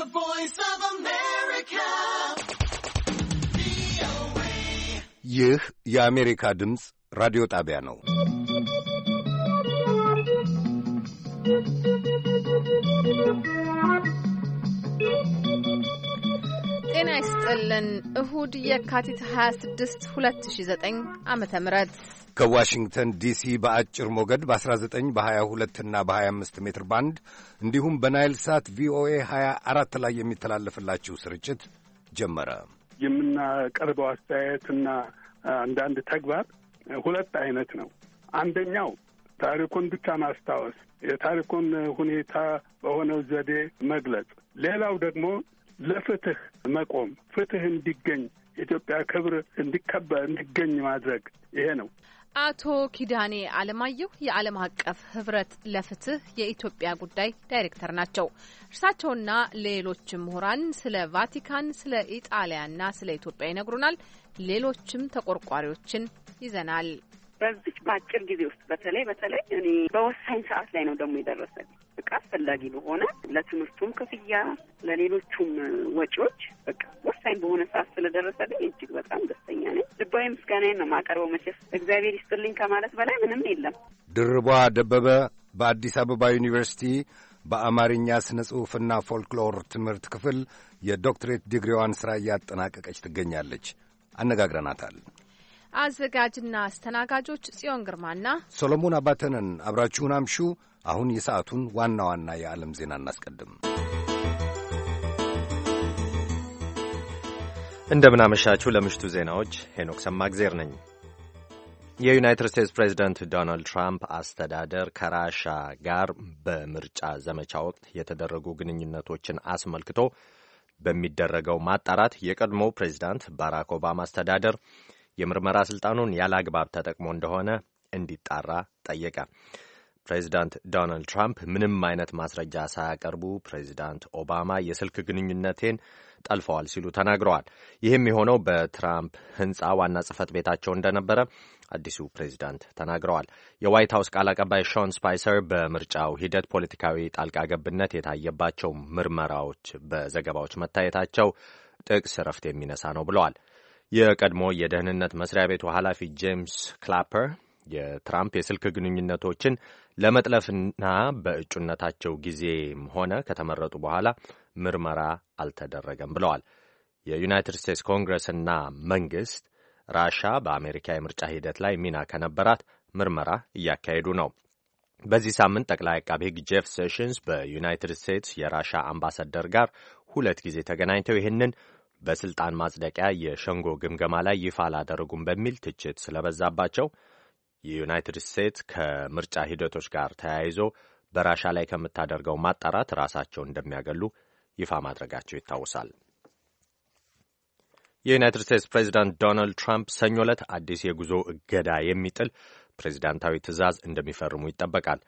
The Voice of America. ይህ የአሜሪካ ድምፅ ራዲዮ ጣቢያ ነው። Thank you. ጤና ይስጥልን። እሁድ የካቲት 26 2009 ዓ ም ከዋሽንግተን ዲሲ በአጭር ሞገድ በ19 በ22 እና በ25 ሜትር ባንድ እንዲሁም በናይል ሳት ቪኦኤ 24 ላይ የሚተላለፍላችሁ ስርጭት ጀመረ። የምናቀርበው አስተያየትና አንዳንድ ተግባር ሁለት አይነት ነው። አንደኛው ታሪኩን ብቻ ማስታወስ፣ የታሪኩን ሁኔታ በሆነው ዘዴ መግለጽ። ሌላው ደግሞ ለፍትህ መቆም ፍትህ እንዲገኝ የኢትዮጵያ ክብር እንዲከበር እንዲገኝ ማድረግ ይሄ ነው። አቶ ኪዳኔ አለማየሁ የዓለም አቀፍ ህብረት ለፍትህ የኢትዮጵያ ጉዳይ ዳይሬክተር ናቸው። እርሳቸውና ሌሎች ምሁራን ስለ ቫቲካን፣ ስለ ኢጣሊያና ስለ ኢትዮጵያ ይነግሩናል። ሌሎችም ተቆርቋሪዎችን ይዘናል። በዚች በአጭር ጊዜ ውስጥ በተለይ በተለይ እኔ በወሳኝ ሰዓት ላይ ነው ደግሞ የደረሰልኝ። በቃ አስፈላጊ በሆነ ለትምህርቱም ክፍያ ለሌሎቹም ወጪዎች በቃ ወሳኝ በሆነ ሰዓት ስለደረሰልኝ እጅግ በጣም ደስተኛ ነኝ። ልባዊ ምስጋናዬን ነው የማቀርበው። መቼስ እግዚአብሔር ይስጥልኝ ከማለት በላይ ምንም የለም። ድርቧ ደበበ በአዲስ አበባ ዩኒቨርሲቲ በአማርኛ ስነ ጽሑፍና ፎልክሎር ትምህርት ክፍል የዶክትሬት ዲግሪዋን ሥራ እያጠናቀቀች ትገኛለች። አነጋግረናታል። አዘጋጅና አስተናጋጆች ጽዮን ግርማና ሰሎሞን አባተንን አብራችሁን አምሹ። አሁን የሰዓቱን ዋና ዋና የዓለም ዜና እናስቀድም። እንደምናመሻችሁ። ለምሽቱ ዜናዎች ሄኖክ ሰማግዜር ነኝ። የዩናይትድ ስቴትስ ፕሬዚደንት ዶናልድ ትራምፕ አስተዳደር ከራሻ ጋር በምርጫ ዘመቻ ወቅት የተደረጉ ግንኙነቶችን አስመልክቶ በሚደረገው ማጣራት የቀድሞው ፕሬዚዳንት ባራክ ኦባማ አስተዳደር የምርመራ ስልጣኑን ያለ አግባብ ተጠቅሞ እንደሆነ እንዲጣራ ጠየቀ። ፕሬዚዳንት ዶናልድ ትራምፕ ምንም አይነት ማስረጃ ሳያቀርቡ ፕሬዚዳንት ኦባማ የስልክ ግንኙነቴን ጠልፈዋል ሲሉ ተናግረዋል። ይህም የሆነው በትራምፕ ሕንፃ ዋና ጽህፈት ቤታቸው እንደነበረ አዲሱ ፕሬዚዳንት ተናግረዋል። የዋይት ሀውስ ቃል አቀባይ ሾን ስፓይሰር በምርጫው ሂደት ፖለቲካዊ ጣልቃ ገብነት የታየባቸው ምርመራዎች በዘገባዎች መታየታቸው ጥቅስ ረፍት የሚነሳ ነው ብለዋል። የቀድሞ የደህንነት መስሪያ ቤቱ ኃላፊ ጄምስ ክላፐር የትራምፕ የስልክ ግንኙነቶችን ለመጥለፍና በእጩነታቸው ጊዜም ሆነ ከተመረጡ በኋላ ምርመራ አልተደረገም ብለዋል። የዩናይትድ ስቴትስ ኮንግረስና መንግስት ራሻ በአሜሪካ የምርጫ ሂደት ላይ ሚና ከነበራት ምርመራ እያካሄዱ ነው። በዚህ ሳምንት ጠቅላይ አቃቤ ሕግ ጄፍ ሴሽንስ በዩናይትድ ስቴትስ የራሻ አምባሳደር ጋር ሁለት ጊዜ ተገናኝተው ይህንን በስልጣን ማጽደቂያ የሸንጎ ግምገማ ላይ ይፋ አላደረጉም በሚል ትችት ስለበዛባቸው የዩናይትድ ስቴትስ ከምርጫ ሂደቶች ጋር ተያይዞ በራሻ ላይ ከምታደርገው ማጣራት ራሳቸው እንደሚያገሉ ይፋ ማድረጋቸው ይታወሳል። የዩናይትድ ስቴትስ ፕሬዚዳንት ዶናልድ ትራምፕ ሰኞ ዕለት አዲስ የጉዞ እገዳ የሚጥል ፕሬዚዳንታዊ ትዕዛዝ እንደሚፈርሙ ይጠበቃል።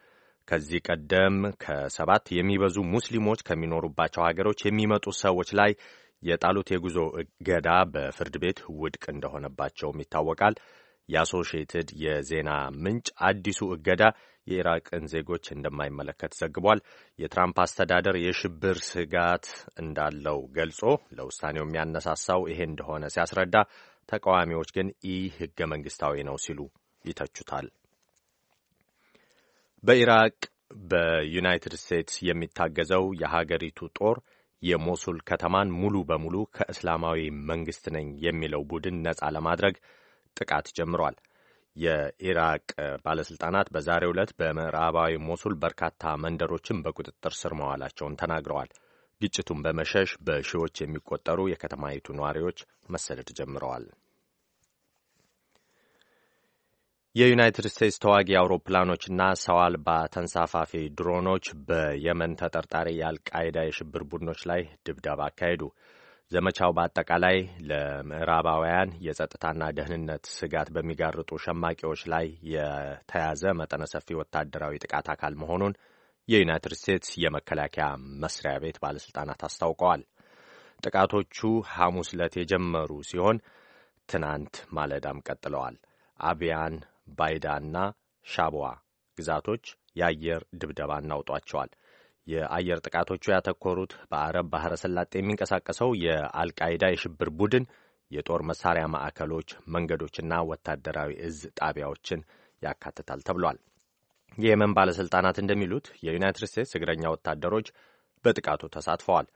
ከዚህ ቀደም ከሰባት የሚበዙ ሙስሊሞች ከሚኖሩባቸው ሀገሮች የሚመጡ ሰዎች ላይ የጣሉት የጉዞ እገዳ በፍርድ ቤት ውድቅ እንደሆነባቸውም ይታወቃል። የአሶሺየትድ የዜና ምንጭ አዲሱ እገዳ የኢራቅን ዜጎች እንደማይመለከት ዘግቧል። የትራምፕ አስተዳደር የሽብር ስጋት እንዳለው ገልጾ ለውሳኔው የሚያነሳሳው ይሄ እንደሆነ ሲያስረዳ፣ ተቃዋሚዎች ግን ይህ ህገ መንግስታዊ ነው ሲሉ ይተቹታል። በኢራቅ በዩናይትድ ስቴትስ የሚታገዘው የሀገሪቱ ጦር የሞሱል ከተማን ሙሉ በሙሉ ከእስላማዊ መንግሥት ነኝ የሚለው ቡድን ነጻ ለማድረግ ጥቃት ጀምሯል። የኢራቅ ባለሥልጣናት በዛሬው ዕለት በምዕራባዊ ሞሱል በርካታ መንደሮችን በቁጥጥር ስር መዋላቸውን ተናግረዋል። ግጭቱን በመሸሽ በሺዎች የሚቆጠሩ የከተማይቱ ነዋሪዎች መሰደድ ጀምረዋል። የዩናይትድ ስቴትስ ተዋጊ አውሮፕላኖችና ሰው አልባ ተንሳፋፊ ድሮኖች በየመን ተጠርጣሪ የአልቃይዳ የሽብር ቡድኖች ላይ ድብደባ አካሄዱ። ዘመቻው በአጠቃላይ ለምዕራባውያን የጸጥታና ደህንነት ስጋት በሚጋርጡ ሸማቂዎች ላይ የተያዘ መጠነ ሰፊ ወታደራዊ ጥቃት አካል መሆኑን የዩናይትድ ስቴትስ የመከላከያ መስሪያ ቤት ባለሥልጣናት አስታውቀዋል። ጥቃቶቹ ሐሙስ ዕለት የጀመሩ ሲሆን ትናንት ማለዳም ቀጥለዋል። አብያን ባይዳና ሻቧ ግዛቶች የአየር ድብደባ እናውጧቸዋል። የአየር ጥቃቶቹ ያተኮሩት በአረብ ባሕረ ሰላጤ የሚንቀሳቀሰው የአልቃይዳ የሽብር ቡድን የጦር መሳሪያ ማዕከሎች፣ መንገዶችና ወታደራዊ እዝ ጣቢያዎችን ያካትታል ተብሏል። የየመን ባለሥልጣናት እንደሚሉት የዩናይትድ ስቴትስ እግረኛ ወታደሮች በጥቃቱ ተሳትፈዋል፣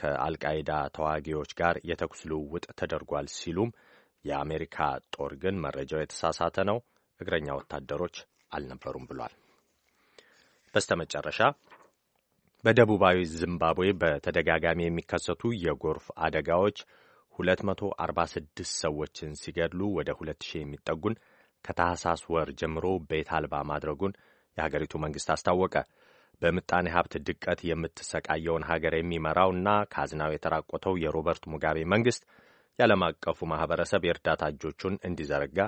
ከአልቃይዳ ተዋጊዎች ጋር የተኩስ ልውውጥ ተደርጓል ሲሉም የአሜሪካ ጦር ግን መረጃው የተሳሳተ ነው እግረኛ ወታደሮች አልነበሩም ብሏል። በስተመጨረሻ በደቡባዊ ዚምባብዌ በተደጋጋሚ የሚከሰቱ የጎርፍ አደጋዎች 246 ሰዎችን ሲገድሉ ወደ 2000 የሚጠጉን ከታህሳስ ወር ጀምሮ ቤት አልባ ማድረጉን የሀገሪቱ መንግሥት አስታወቀ። በምጣኔ ሀብት ድቀት የምትሰቃየውን ሀገር የሚመራውና ካዝናው የተራቆተው የሮበርት ሙጋቤ መንግሥት የዓለም አቀፉ ማኅበረሰብ የእርዳታ እጆቹን እንዲዘረጋ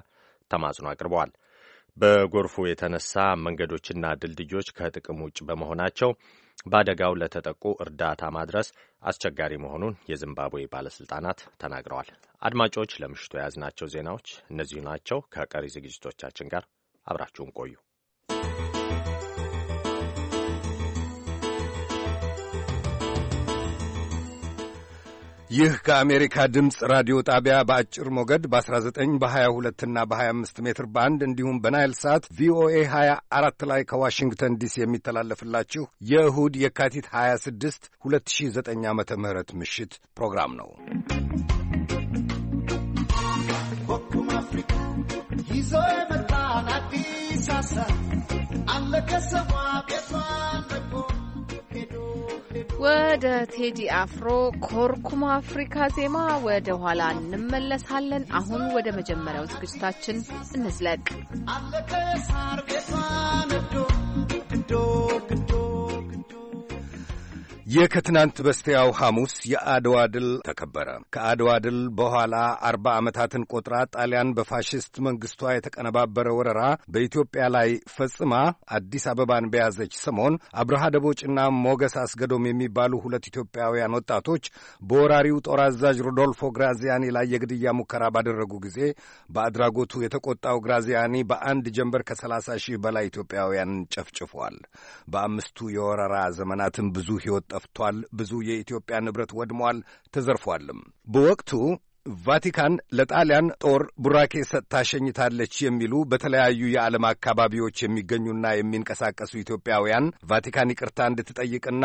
ተማጽኖ አቅርበዋል። በጎርፉ የተነሳ መንገዶችና ድልድዮች ከጥቅም ውጭ በመሆናቸው በአደጋው ለተጠቁ እርዳታ ማድረስ አስቸጋሪ መሆኑን የዚምባብዌ ባለሥልጣናት ተናግረዋል። አድማጮች፣ ለምሽቱ የያዝናቸው ዜናዎች እነዚሁ ናቸው። ከቀሪ ዝግጅቶቻችን ጋር አብራችሁን ቆዩ። ይህ ከአሜሪካ ድምፅ ራዲዮ ጣቢያ በአጭር ሞገድ በ19 በ22 እና በ25 ሜትር ባንድ እንዲሁም በናይል ሳት ቪኦኤ 24 ላይ ከዋሽንግተን ዲሲ የሚተላለፍላችሁ የእሁድ የካቲት 26 2009 ዓ ም ምሽት ፕሮግራም ነው። ይዞ የመጣን አዲስ አሳብ ከሰማ ቤቷን ወደ ቴዲ አፍሮ ኮርኩም አፍሪካ ዜማ ወደ ኋላ እንመለሳለን። አሁን ወደ መጀመሪያው ዝግጅታችን እንዝለቅ። አለቀ ሳር ቤቷ ነዶ ይህ ከትናንት በስቲያው ሐሙስ የአድዋ ድል ተከበረ። ከአድዋ ድል በኋላ አርባ ዓመታትን ቆጥራ ጣሊያን በፋሽስት መንግሥቷ የተቀነባበረ ወረራ በኢትዮጵያ ላይ ፈጽማ አዲስ አበባን በያዘች ሰሞን አብርሃ ደቦጭና ሞገስ አስገዶም የሚባሉ ሁለት ኢትዮጵያውያን ወጣቶች በወራሪው ጦር አዛዥ ሮዶልፎ ግራዚያኒ ላይ የግድያ ሙከራ ባደረጉ ጊዜ በአድራጎቱ የተቆጣው ግራዚያኒ በአንድ ጀንበር ከሰላሳ ሺህ በላይ ኢትዮጵያውያንን ጨፍጭፏል። በአምስቱ የወረራ ዘመናትም ብዙ ሕይወት ጠፍቷል፣ ብዙ የኢትዮጵያ ንብረት ወድሟል፣ ተዘርፏልም። በወቅቱ ቫቲካን ለጣሊያን ጦር ቡራኬ ሰጥታ ሸኝታለች የሚሉ በተለያዩ የዓለም አካባቢዎች የሚገኙና የሚንቀሳቀሱ ኢትዮጵያውያን ቫቲካን ይቅርታ እንድትጠይቅና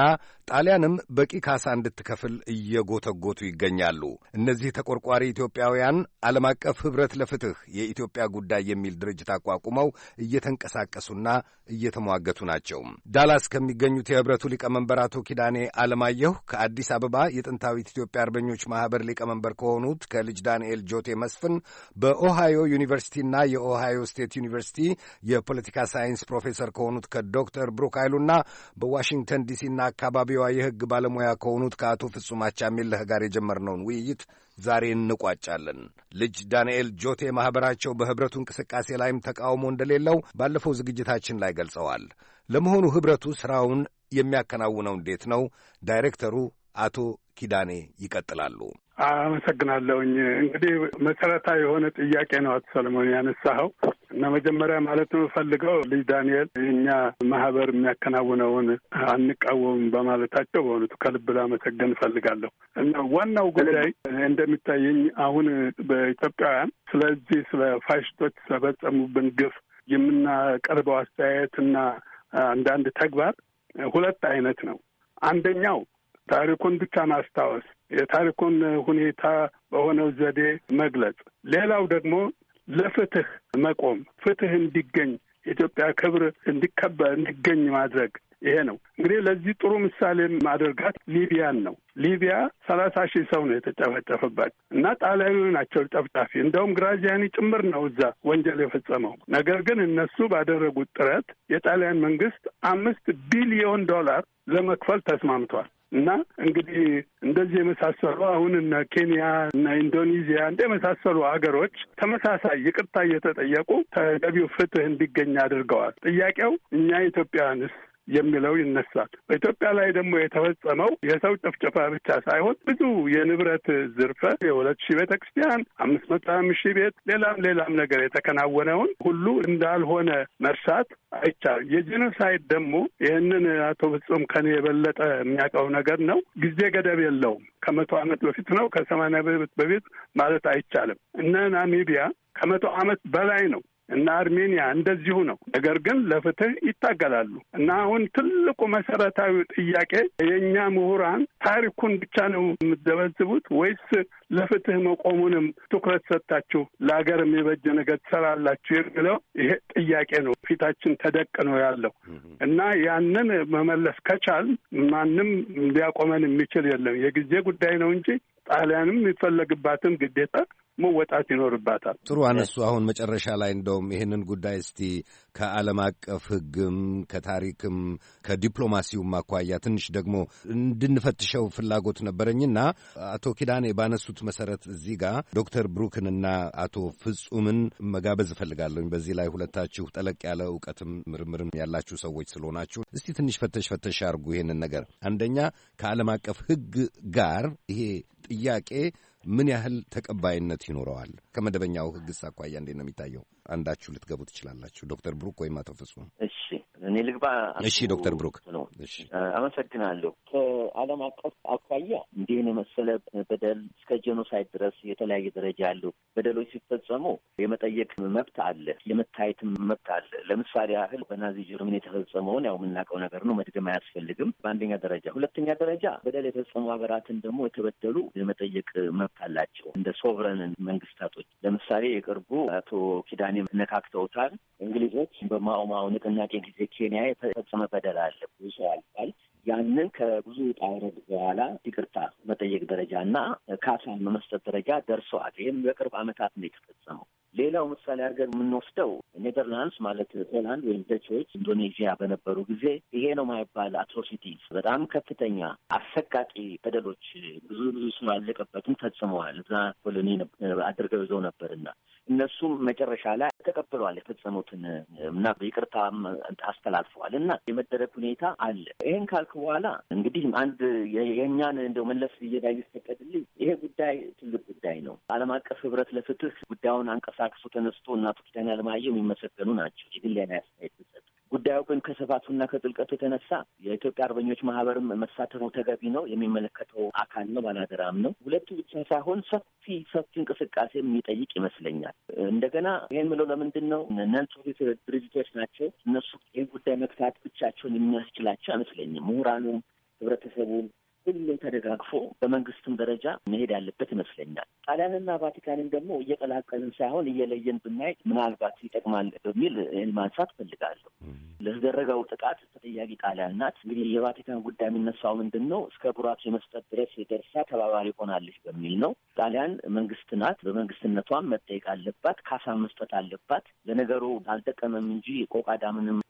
ጣሊያንም በቂ ካሳ እንድትከፍል እየጎተጎቱ ይገኛሉ። እነዚህ ተቆርቋሪ ኢትዮጵያውያን ዓለም አቀፍ ኅብረት ለፍትሕ የኢትዮጵያ ጉዳይ የሚል ድርጅት አቋቁመው እየተንቀሳቀሱና እየተሟገቱ ናቸው። ዳላስ ከሚገኙት የኅብረቱ ሊቀመንበር አቶ ኪዳኔ አለማየሁ ከአዲስ አበባ የጥንታዊት ኢትዮጵያ አርበኞች ማኅበር ሊቀመንበር ከሆኑት ከልጅ ዳንኤል ጆቴ መስፍን በኦሃዮ ዩኒቨርሲቲና የኦሃዮ ስቴት ዩኒቨርሲቲ የፖለቲካ ሳይንስ ፕሮፌሰር ከሆኑት ከዶክተር ብሩክ ኃይሉና በዋሽንግተን ዲሲና አካባቢዋ የሕግ ባለሙያ ከሆኑት ከአቶ ፍጹም አቻሜለህ ጋር የጀመርነውን ውይይት ዛሬ እንቋጫለን። ልጅ ዳንኤል ጆቴ ማኅበራቸው በኅብረቱ እንቅስቃሴ ላይም ተቃውሞ እንደሌለው ባለፈው ዝግጅታችን ላይ ገልጸዋል። ለመሆኑ ኅብረቱ ሥራውን የሚያከናውነው እንዴት ነው? ዳይሬክተሩ አቶ ኪዳኔ ይቀጥላሉ። አመሰግናለሁኝ። እንግዲህ መሰረታዊ የሆነ ጥያቄ ነው አቶ ሰለሞን ያነሳኸው እና መጀመሪያ ማለት ነው ፈልገው ልጅ ዳንኤል የእኛ ማህበር የሚያከናውነውን አንቃወም በማለታቸው በእውነቱ ከልብ ላመሰገን እፈልጋለሁ። እና ዋናው ጉዳይ እንደሚታየኝ አሁን በኢትዮጵያውያን ስለዚህ ስለ ፋሽቶች ስለፈጸሙብን ግፍ የምናቀርበው አስተያየት እና አንዳንድ ተግባር ሁለት አይነት ነው። አንደኛው ታሪኩን ብቻ ማስታወስ፣ የታሪኩን ሁኔታ በሆነው ዘዴ መግለጽ። ሌላው ደግሞ ለፍትህ መቆም፣ ፍትህ እንዲገኝ የኢትዮጵያ ክብር እንዲከበር እንዲገኝ ማድረግ ይሄ ነው እንግዲህ። ለዚህ ጥሩ ምሳሌ ማደርጋት ሊቢያን ነው። ሊቢያ ሰላሳ ሺህ ሰው ነው የተጨፈጨፈባት እና ጣሊያዊ ናቸው ጨፍጫፊ። እንደውም ግራዚያኒ ጭምር ነው እዛ ወንጀል የፈጸመው። ነገር ግን እነሱ ባደረጉት ጥረት የጣሊያን መንግስት አምስት ቢሊዮን ዶላር ለመክፈል ተስማምቷል። እና እንግዲህ እንደዚህ የመሳሰሉ አሁን እነ ኬንያ እና ኢንዶኔዚያ እንደ የመሳሰሉ ሀገሮች ተመሳሳይ ይቅርታ እየተጠየቁ ተገቢው ፍትህ እንዲገኝ አድርገዋል። ጥያቄው እኛ ኢትዮጵያውያንስ የሚለው ይነሳል። በኢትዮጵያ ላይ ደግሞ የተፈጸመው የሰው ጭፍጨፋ ብቻ ሳይሆን ብዙ የንብረት ዝርፈ የሁለት ሺህ ቤተ ክርስቲያን አምስት መቶ አምስት ሺህ ቤት ሌላም ሌላም ነገር የተከናወነውን ሁሉ እንዳልሆነ መርሳት አይቻልም። የጄኖሳይድ ደግሞ ይህንን አቶ ፍጹም ከኔ የበለጠ የሚያውቀው ነገር ነው። ጊዜ ገደብ የለውም። ከመቶ ዓመት በፊት ነው ከሰማንያ በፊት ማለት አይቻልም። እነ ናሚቢያ ከመቶ ዓመት በላይ ነው እና አርሜኒያ እንደዚሁ ነው። ነገር ግን ለፍትህ ይታገላሉ እና አሁን ትልቁ መሰረታዊ ጥያቄ የእኛ ምሁራን ታሪኩን ብቻ ነው የምትዘበዝቡት ወይስ ለፍትህ መቆሙንም ትኩረት ሰጥታችሁ ለሀገር የሚበጅ ነገር ትሰራላችሁ የሚለው ይሄ ጥያቄ ነው ፊታችን ተደቅኖ ያለው እና ያንን መመለስ ከቻል ማንም ሊያቆመን የሚችል የለም። የጊዜ ጉዳይ ነው እንጂ ጣሊያንም የሚፈለግባትን ግዴታ መወጣት ይኖርባታል። ጥሩ አነሱ። አሁን መጨረሻ ላይ እንደውም ይህንን ጉዳይ እስቲ ከዓለም አቀፍ ሕግም ከታሪክም ከዲፕሎማሲውም አኳያ ትንሽ ደግሞ እንድንፈትሸው ፍላጎት ነበረኝና አቶ ኪዳኔ ባነሱት መሰረት እዚህ ጋር ዶክተር ብሩክንና አቶ ፍጹምን መጋበዝ እፈልጋለሁኝ። በዚህ ላይ ሁለታችሁ ጠለቅ ያለ እውቀትም ምርምርም ያላችሁ ሰዎች ስለሆናችሁ እስቲ ትንሽ ፈተሽ ፈተሽ አድርጉ ይህንን ነገር አንደኛ ከዓለም አቀፍ ሕግ ጋር ይሄ ጥያቄ ምን ያህል ተቀባይነት ይኖረዋል? ከመደበኛው ህግስ አኳያ እንዴት ነው የሚታየው? አንዳችሁ ልትገቡ ትችላላችሁ። ዶክተር ብሩክ ወይም አቶ ፍጹም። እሺ እኔ ልግባ። እሺ ዶክተር ብሩክ አመሰግናለሁ። ከዓለም አቀፍ አኳያ እንዲህን የመሰለ በደል እስከ ጄኖሳይድ ድረስ የተለያየ ደረጃ ያለው በደሎች ሲፈጸሙ የመጠየቅ መብት አለ፣ የመታየትም መብት አለ። ለምሳሌ ያህል በናዚ ጀርመን የተፈጸመውን ያው የምናውቀው ነገር ነው፣ መድገም አያስፈልግም። በአንደኛ ደረጃ ሁለተኛ ደረጃ በደል የተፈጸሙ ሀገራትን ደግሞ የተበደሉ የመጠየቅ መብት አላቸው እንደ ሶቨረን መንግስታቶች። ለምሳሌ የቅርቡ አቶ ኪዳኔ ኢኮኖሚ ነካክተውታል። እንግሊዞች በማኦማው ንቅናቄ ጊዜ ኬንያ የተፈጸመ በደል አለ ብዙ ሰው አልቋል። ያንን ከብዙ ውጣ በኋላ ይቅርታ መጠየቅ ደረጃ እና ካሳን በመስጠት ደረጃ ደርሰዋል። ይህም በቅርብ ዓመታት ነው የተፈጸመው። ሌላው ምሳሌ አድርገን የምንወስደው ኔደርላንድስ ማለት ሆላንድ ወይም ደችዎች ኢንዶኔዥያ በነበሩ ጊዜ ይሄ ነው ማይባል አትሮሲቲስ በጣም ከፍተኛ አሰቃቂ በደሎች ብዙ ብዙ ሰው አለቀበትም ፈጽመዋል። እዛ ኮሎኒ አድርገው ይዘው ነበርና እነሱም መጨረሻ ላይ ተቀብለዋል የፈጸሙትን እና ይቅርታም አስተላልፈዋል እና የመደረግ ሁኔታ አለ። ይህን ካልክ በኋላ እንግዲህ አንድ የእኛን እንደው መለስ እየዳ ይፈቀድልኝ ይሄ ጉዳይ ትልቅ ጉዳይ ነው። ዓለም አቀፍ ህብረት ለፍትህ ጉዳዩን አንቀሳቅሶ ተነስቶ እናቶ ኪዳነ ዓለማየሁ የሚመሰገኑ ናቸው። የግል አስተያየት ብሰጥ ጉዳዩ ግን ከስፋቱና ከጥልቀቱ የተነሳ የኢትዮጵያ አርበኞች ማህበርም መሳተፉ ተገቢ ነው። የሚመለከተው አካል ነው፣ ባላደራም ነው። ሁለቱ ብቻ ሳይሆን ሰፊ ሰፊ እንቅስቃሴ የሚጠይቅ ይመስለኛል። እንደገና ይህን ምለው ለምንድን ነው ነን ድርጅቶች ናቸው። እነሱ ይህን ጉዳይ መግታት ብቻቸውን የሚያስችላቸው አይመስለኝም። ምሁራኑም ህብረተሰቡም ሁሉም ተደጋግፎ በመንግስትም ደረጃ መሄድ ያለበት ይመስለኛል። ጣሊያንና ቫቲካንን ደግሞ እየቀላቀልን ሳይሆን እየለየን ብናይ ምናልባት ይጠቅማል በሚል ማንሳት ፈልጋለሁ ለተደረገው ጥቃት ተጠያቂ ጣሊያን ናት። እንግዲህ የቫቲካን ጉዳይ የሚነሳው ምንድን ነው? እስከ ቡራቱ የመስጠት ድረስ የደርሳ ተባባሪ ሆናለች በሚል ነው። ጣሊያን መንግስት ናት። በመንግስትነቷም መጠየቅ አለባት፣ ካሳ መስጠት አለባት። ለነገሩ አልጠቀመም እንጂ ቆቃዳ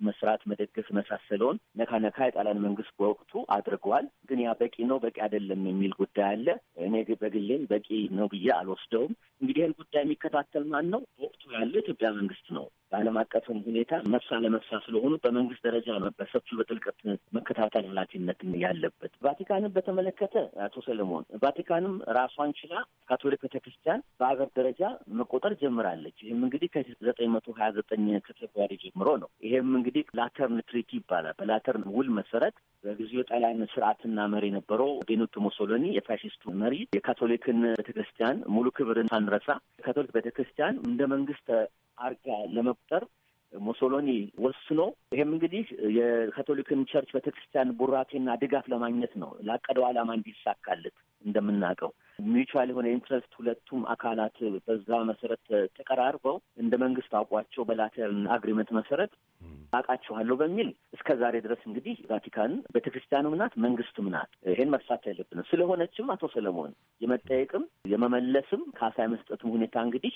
መስራት፣ መደገፍ መሳሰለውን ነካ ነካ የጣሊያን መንግስት በወቅቱ አድርገዋል። ግን ያ በቂ ነው በቂ አይደለም የሚል ጉዳይ አለ። እኔ በግሌም በቂ ነው ብዬ አልወስደውም። እንግዲህ ይህን ጉዳይ የሚከታተል ማን ነው? በወቅቱ ያለው ኢትዮጵያ መንግስት ነው። በዓለም አቀፍም ሁኔታ መሳ ለመሳ ስለሆኑ በመንግስት ደረጃ በሰፊ በጥልቀት መከታተል ኃላፊነት ያለበት። ቫቲካንን በተመለከተ አቶ ሰለሞን ቫቲካንም ራሷን ችላ ካቶሊክ ቤተክርስቲያን በሀገር ደረጃ መቆጠር ጀምራለች። ይህም እንግዲህ ከዘጠኝ መቶ ሀያ ዘጠኝ ከፌብሩዋሪ ጀምሮ ነው። ይሄም እንግዲህ ላተርን ትሪቲ ይባላል። በላተርን ውል መሰረት በጊዜው ጣሊያን ስርዓትና መሪ የነበረው ቤኒቶ ሞሶሎኒ የፋሽስቱ መሪ የካቶሊክን ቤተክርስቲያን ሙሉ ክብርን ሳንረሳ ካቶሊክ ቤተክርስቲያን እንደ መንግስት አርጋ ለመቁጠር ሞሶሎኒ ወስኖ ይህም እንግዲህ የካቶሊክን ቸርች ቤተክርስቲያን ቡራኬና ድጋፍ ለማግኘት ነው ላቀደው ዓላማ እንዲሳካለት እንደምናውቀው ሚቹዋል የሆነ ኢንትረስት ሁለቱም አካላት በዛ መሰረት ተቀራርበው እንደ መንግስት አውቋቸው በላተርን አግሪመንት መሰረት አውቃችኋለሁ በሚል እስከ ዛሬ ድረስ እንግዲህ ቫቲካን ቤተክርስቲያኑ ምናት መንግስቱም ናት። ይሄን መርሳት የለብንም። ስለሆነችም አቶ ሰለሞን የመጠየቅም የመመለስም ካሳ የመስጠትም ሁኔታ እንግዲህ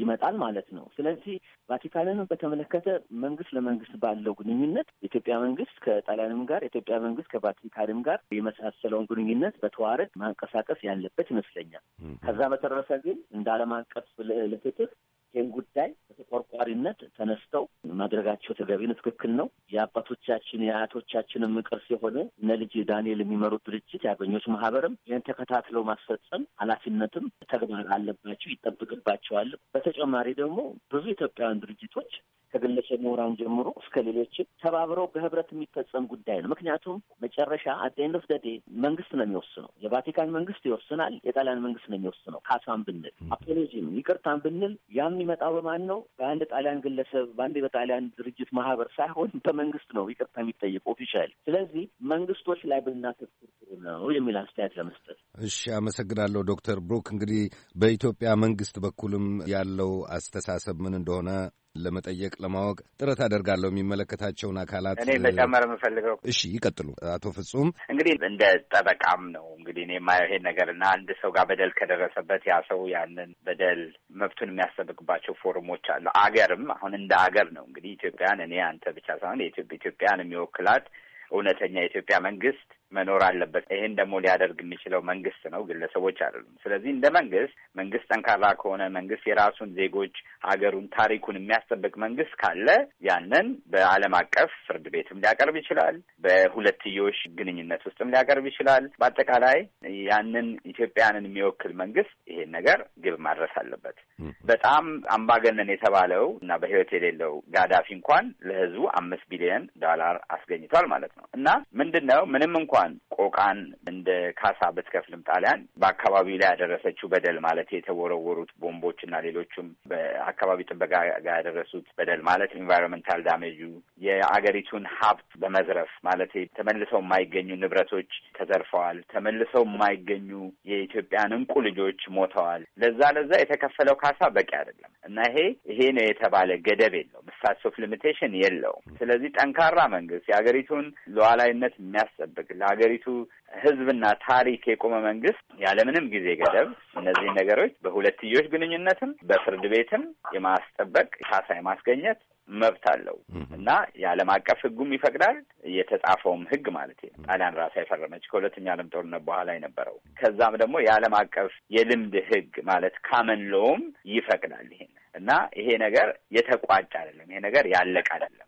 ይመጣል ማለት ነው። ስለዚህ ቫቲካንን በተመለከተ መንግስት ለመንግስት ባለው ግንኙነት የኢትዮጵያ መንግስት ከጣሊያንም ጋር የኢትዮጵያ መንግስት ከቫቲካንም ጋር የመሳሰለውን ግንኙነት በተዋረድ ማንቀሳቀስ ያለበት ይመስለኛል። ከዛ በተረፈ ግን እንደ ዓለም አቀፍ ለፍትህ ይህን ጉዳይ በተቆርቋሪነት ተነስተው ማድረጋቸው ተገቢን ትክክል ነው። የአባቶቻችን የአያቶቻችንም ቅርስ የሆነ እነ ልጅ ዳንኤል የሚመሩት ድርጅት የአርበኞች ማህበርም ይህን ተከታትለው ማስፈጸም ኃላፊነትም ተግባር አለባቸው፣ ይጠብቅባቸዋል። በተጨማሪ ደግሞ ብዙ ኢትዮጵያውያን ድርጅቶች ከግለሰብ ምሁራን ጀምሮ እስከ ሌሎችም ተባብረው በህብረት የሚፈጸም ጉዳይ ነው። ምክንያቱም መጨረሻ አደይን ፍደዴ መንግስት ነው የሚወስነው። የቫቲካን መንግስት ይወስናል። የጣሊያን መንግስት ነው የሚወስነው። ካሳም ብንል አፖሎጂም ይቅርታም ብንል ያ የሚመጣው በማን ነው? በአንድ ጣሊያን ግለሰብ፣ በአንድ በጣሊያን ድርጅት ማህበር ሳይሆን በመንግስት ነው ይቅርታ የሚጠይቅ ኦፊሻል። ስለዚህ መንግስቶች ላይ ብናተኩር ነው የሚል አስተያየት ለመስጠት። እሺ፣ አመሰግናለሁ ዶክተር ብሩክ። እንግዲህ በኢትዮጵያ መንግስት በኩልም ያለው አስተሳሰብ ምን እንደሆነ ለመጠየቅ ለማወቅ ጥረት አደርጋለሁ የሚመለከታቸውን አካላት። እኔ መጨመር የምፈልገው እሺ፣ ይቀጥሉ አቶ ፍጹም። እንግዲህ እንደ ጠበቃም ነው እንግዲህ እኔ የማየው ይሄን ነገር እና አንድ ሰው ጋር በደል ከደረሰበት ያ ሰው ያንን በደል መብቱን የሚያስጠብቅባቸው ፎርሞች አሉ። አገርም አሁን እንደ አገር ነው እንግዲህ ኢትዮጵያን እኔ አንተ ብቻ ሳይሆን ኢትዮጵያን የሚወክላት እውነተኛ የኢትዮጵያ መንግስት መኖር አለበት። ይህን ደግሞ ሊያደርግ የሚችለው መንግስት ነው፣ ግለሰቦች አይደሉም። ስለዚህ እንደ መንግስት መንግስት ጠንካራ ከሆነ መንግስት የራሱን ዜጎች ሀገሩን፣ ታሪኩን የሚያስጠብቅ መንግስት ካለ ያንን በዓለም አቀፍ ፍርድ ቤትም ሊያቀርብ ይችላል። በሁለትዮሽ ግንኙነት ውስጥም ሊያቀርብ ይችላል። በአጠቃላይ ያንን ኢትዮጵያንን የሚወክል መንግስት ይሄን ነገር ግብ ማድረስ አለበት። በጣም አምባገነን የተባለው እና በህይወት የሌለው ጋዳፊ እንኳን ለህዝቡ አምስት ቢሊዮን ዶላር አስገኝቷል ማለት ነው እና ምንድን ነው ምንም እንኳ እንኳን ቆቃን እንደ ካሳ ብትከፍልም ጣሊያን በአካባቢው ላይ ያደረሰችው በደል ማለት የተወረወሩት ቦምቦች እና ሌሎቹም በአካባቢ ጥበቃ ጋር ያደረሱት በደል ማለት ኢንቫይሮንመንታል ዳሜጁ የአገሪቱን ሀብት በመዝረፍ ማለት ተመልሰው የማይገኙ ንብረቶች ተዘርፈዋል። ተመልሰው የማይገኙ የኢትዮጵያን እንቁ ልጆች ሞተዋል። ለዛ ለዛ የተከፈለው ካሳ በቂ አይደለም እና ይሄ ይሄ ነው የተባለ ገደብ የለውም። ስታትስ ኦፍ ሊሚቴሽን የለውም። ስለዚህ ጠንካራ መንግስት የሀገሪቱን ሉዓላዊነት የሚያስጠብቅ ሀገሪቱ ህዝብና ታሪክ የቆመ መንግስት ያለምንም ጊዜ ገደብ እነዚህ ነገሮች በሁለትዮሽ ግንኙነትም በፍርድ ቤትም የማስጠበቅ ካሳ የማስገኘት መብት አለው እና የዓለም አቀፍ ህጉም ይፈቅዳል። የተጻፈውም ህግ ማለት ነው። ጣሊያን ራሳ የፈረመች ከሁለተኛ ዓለም ጦርነት በኋላ የነበረው ከዛም ደግሞ የዓለም አቀፍ የልምድ ህግ ማለት ካመንሎውም ይፈቅዳል ይሄን እና ይሄ ነገር የተቋጭ አይደለም። ይሄ ነገር ያለቀ አይደለም።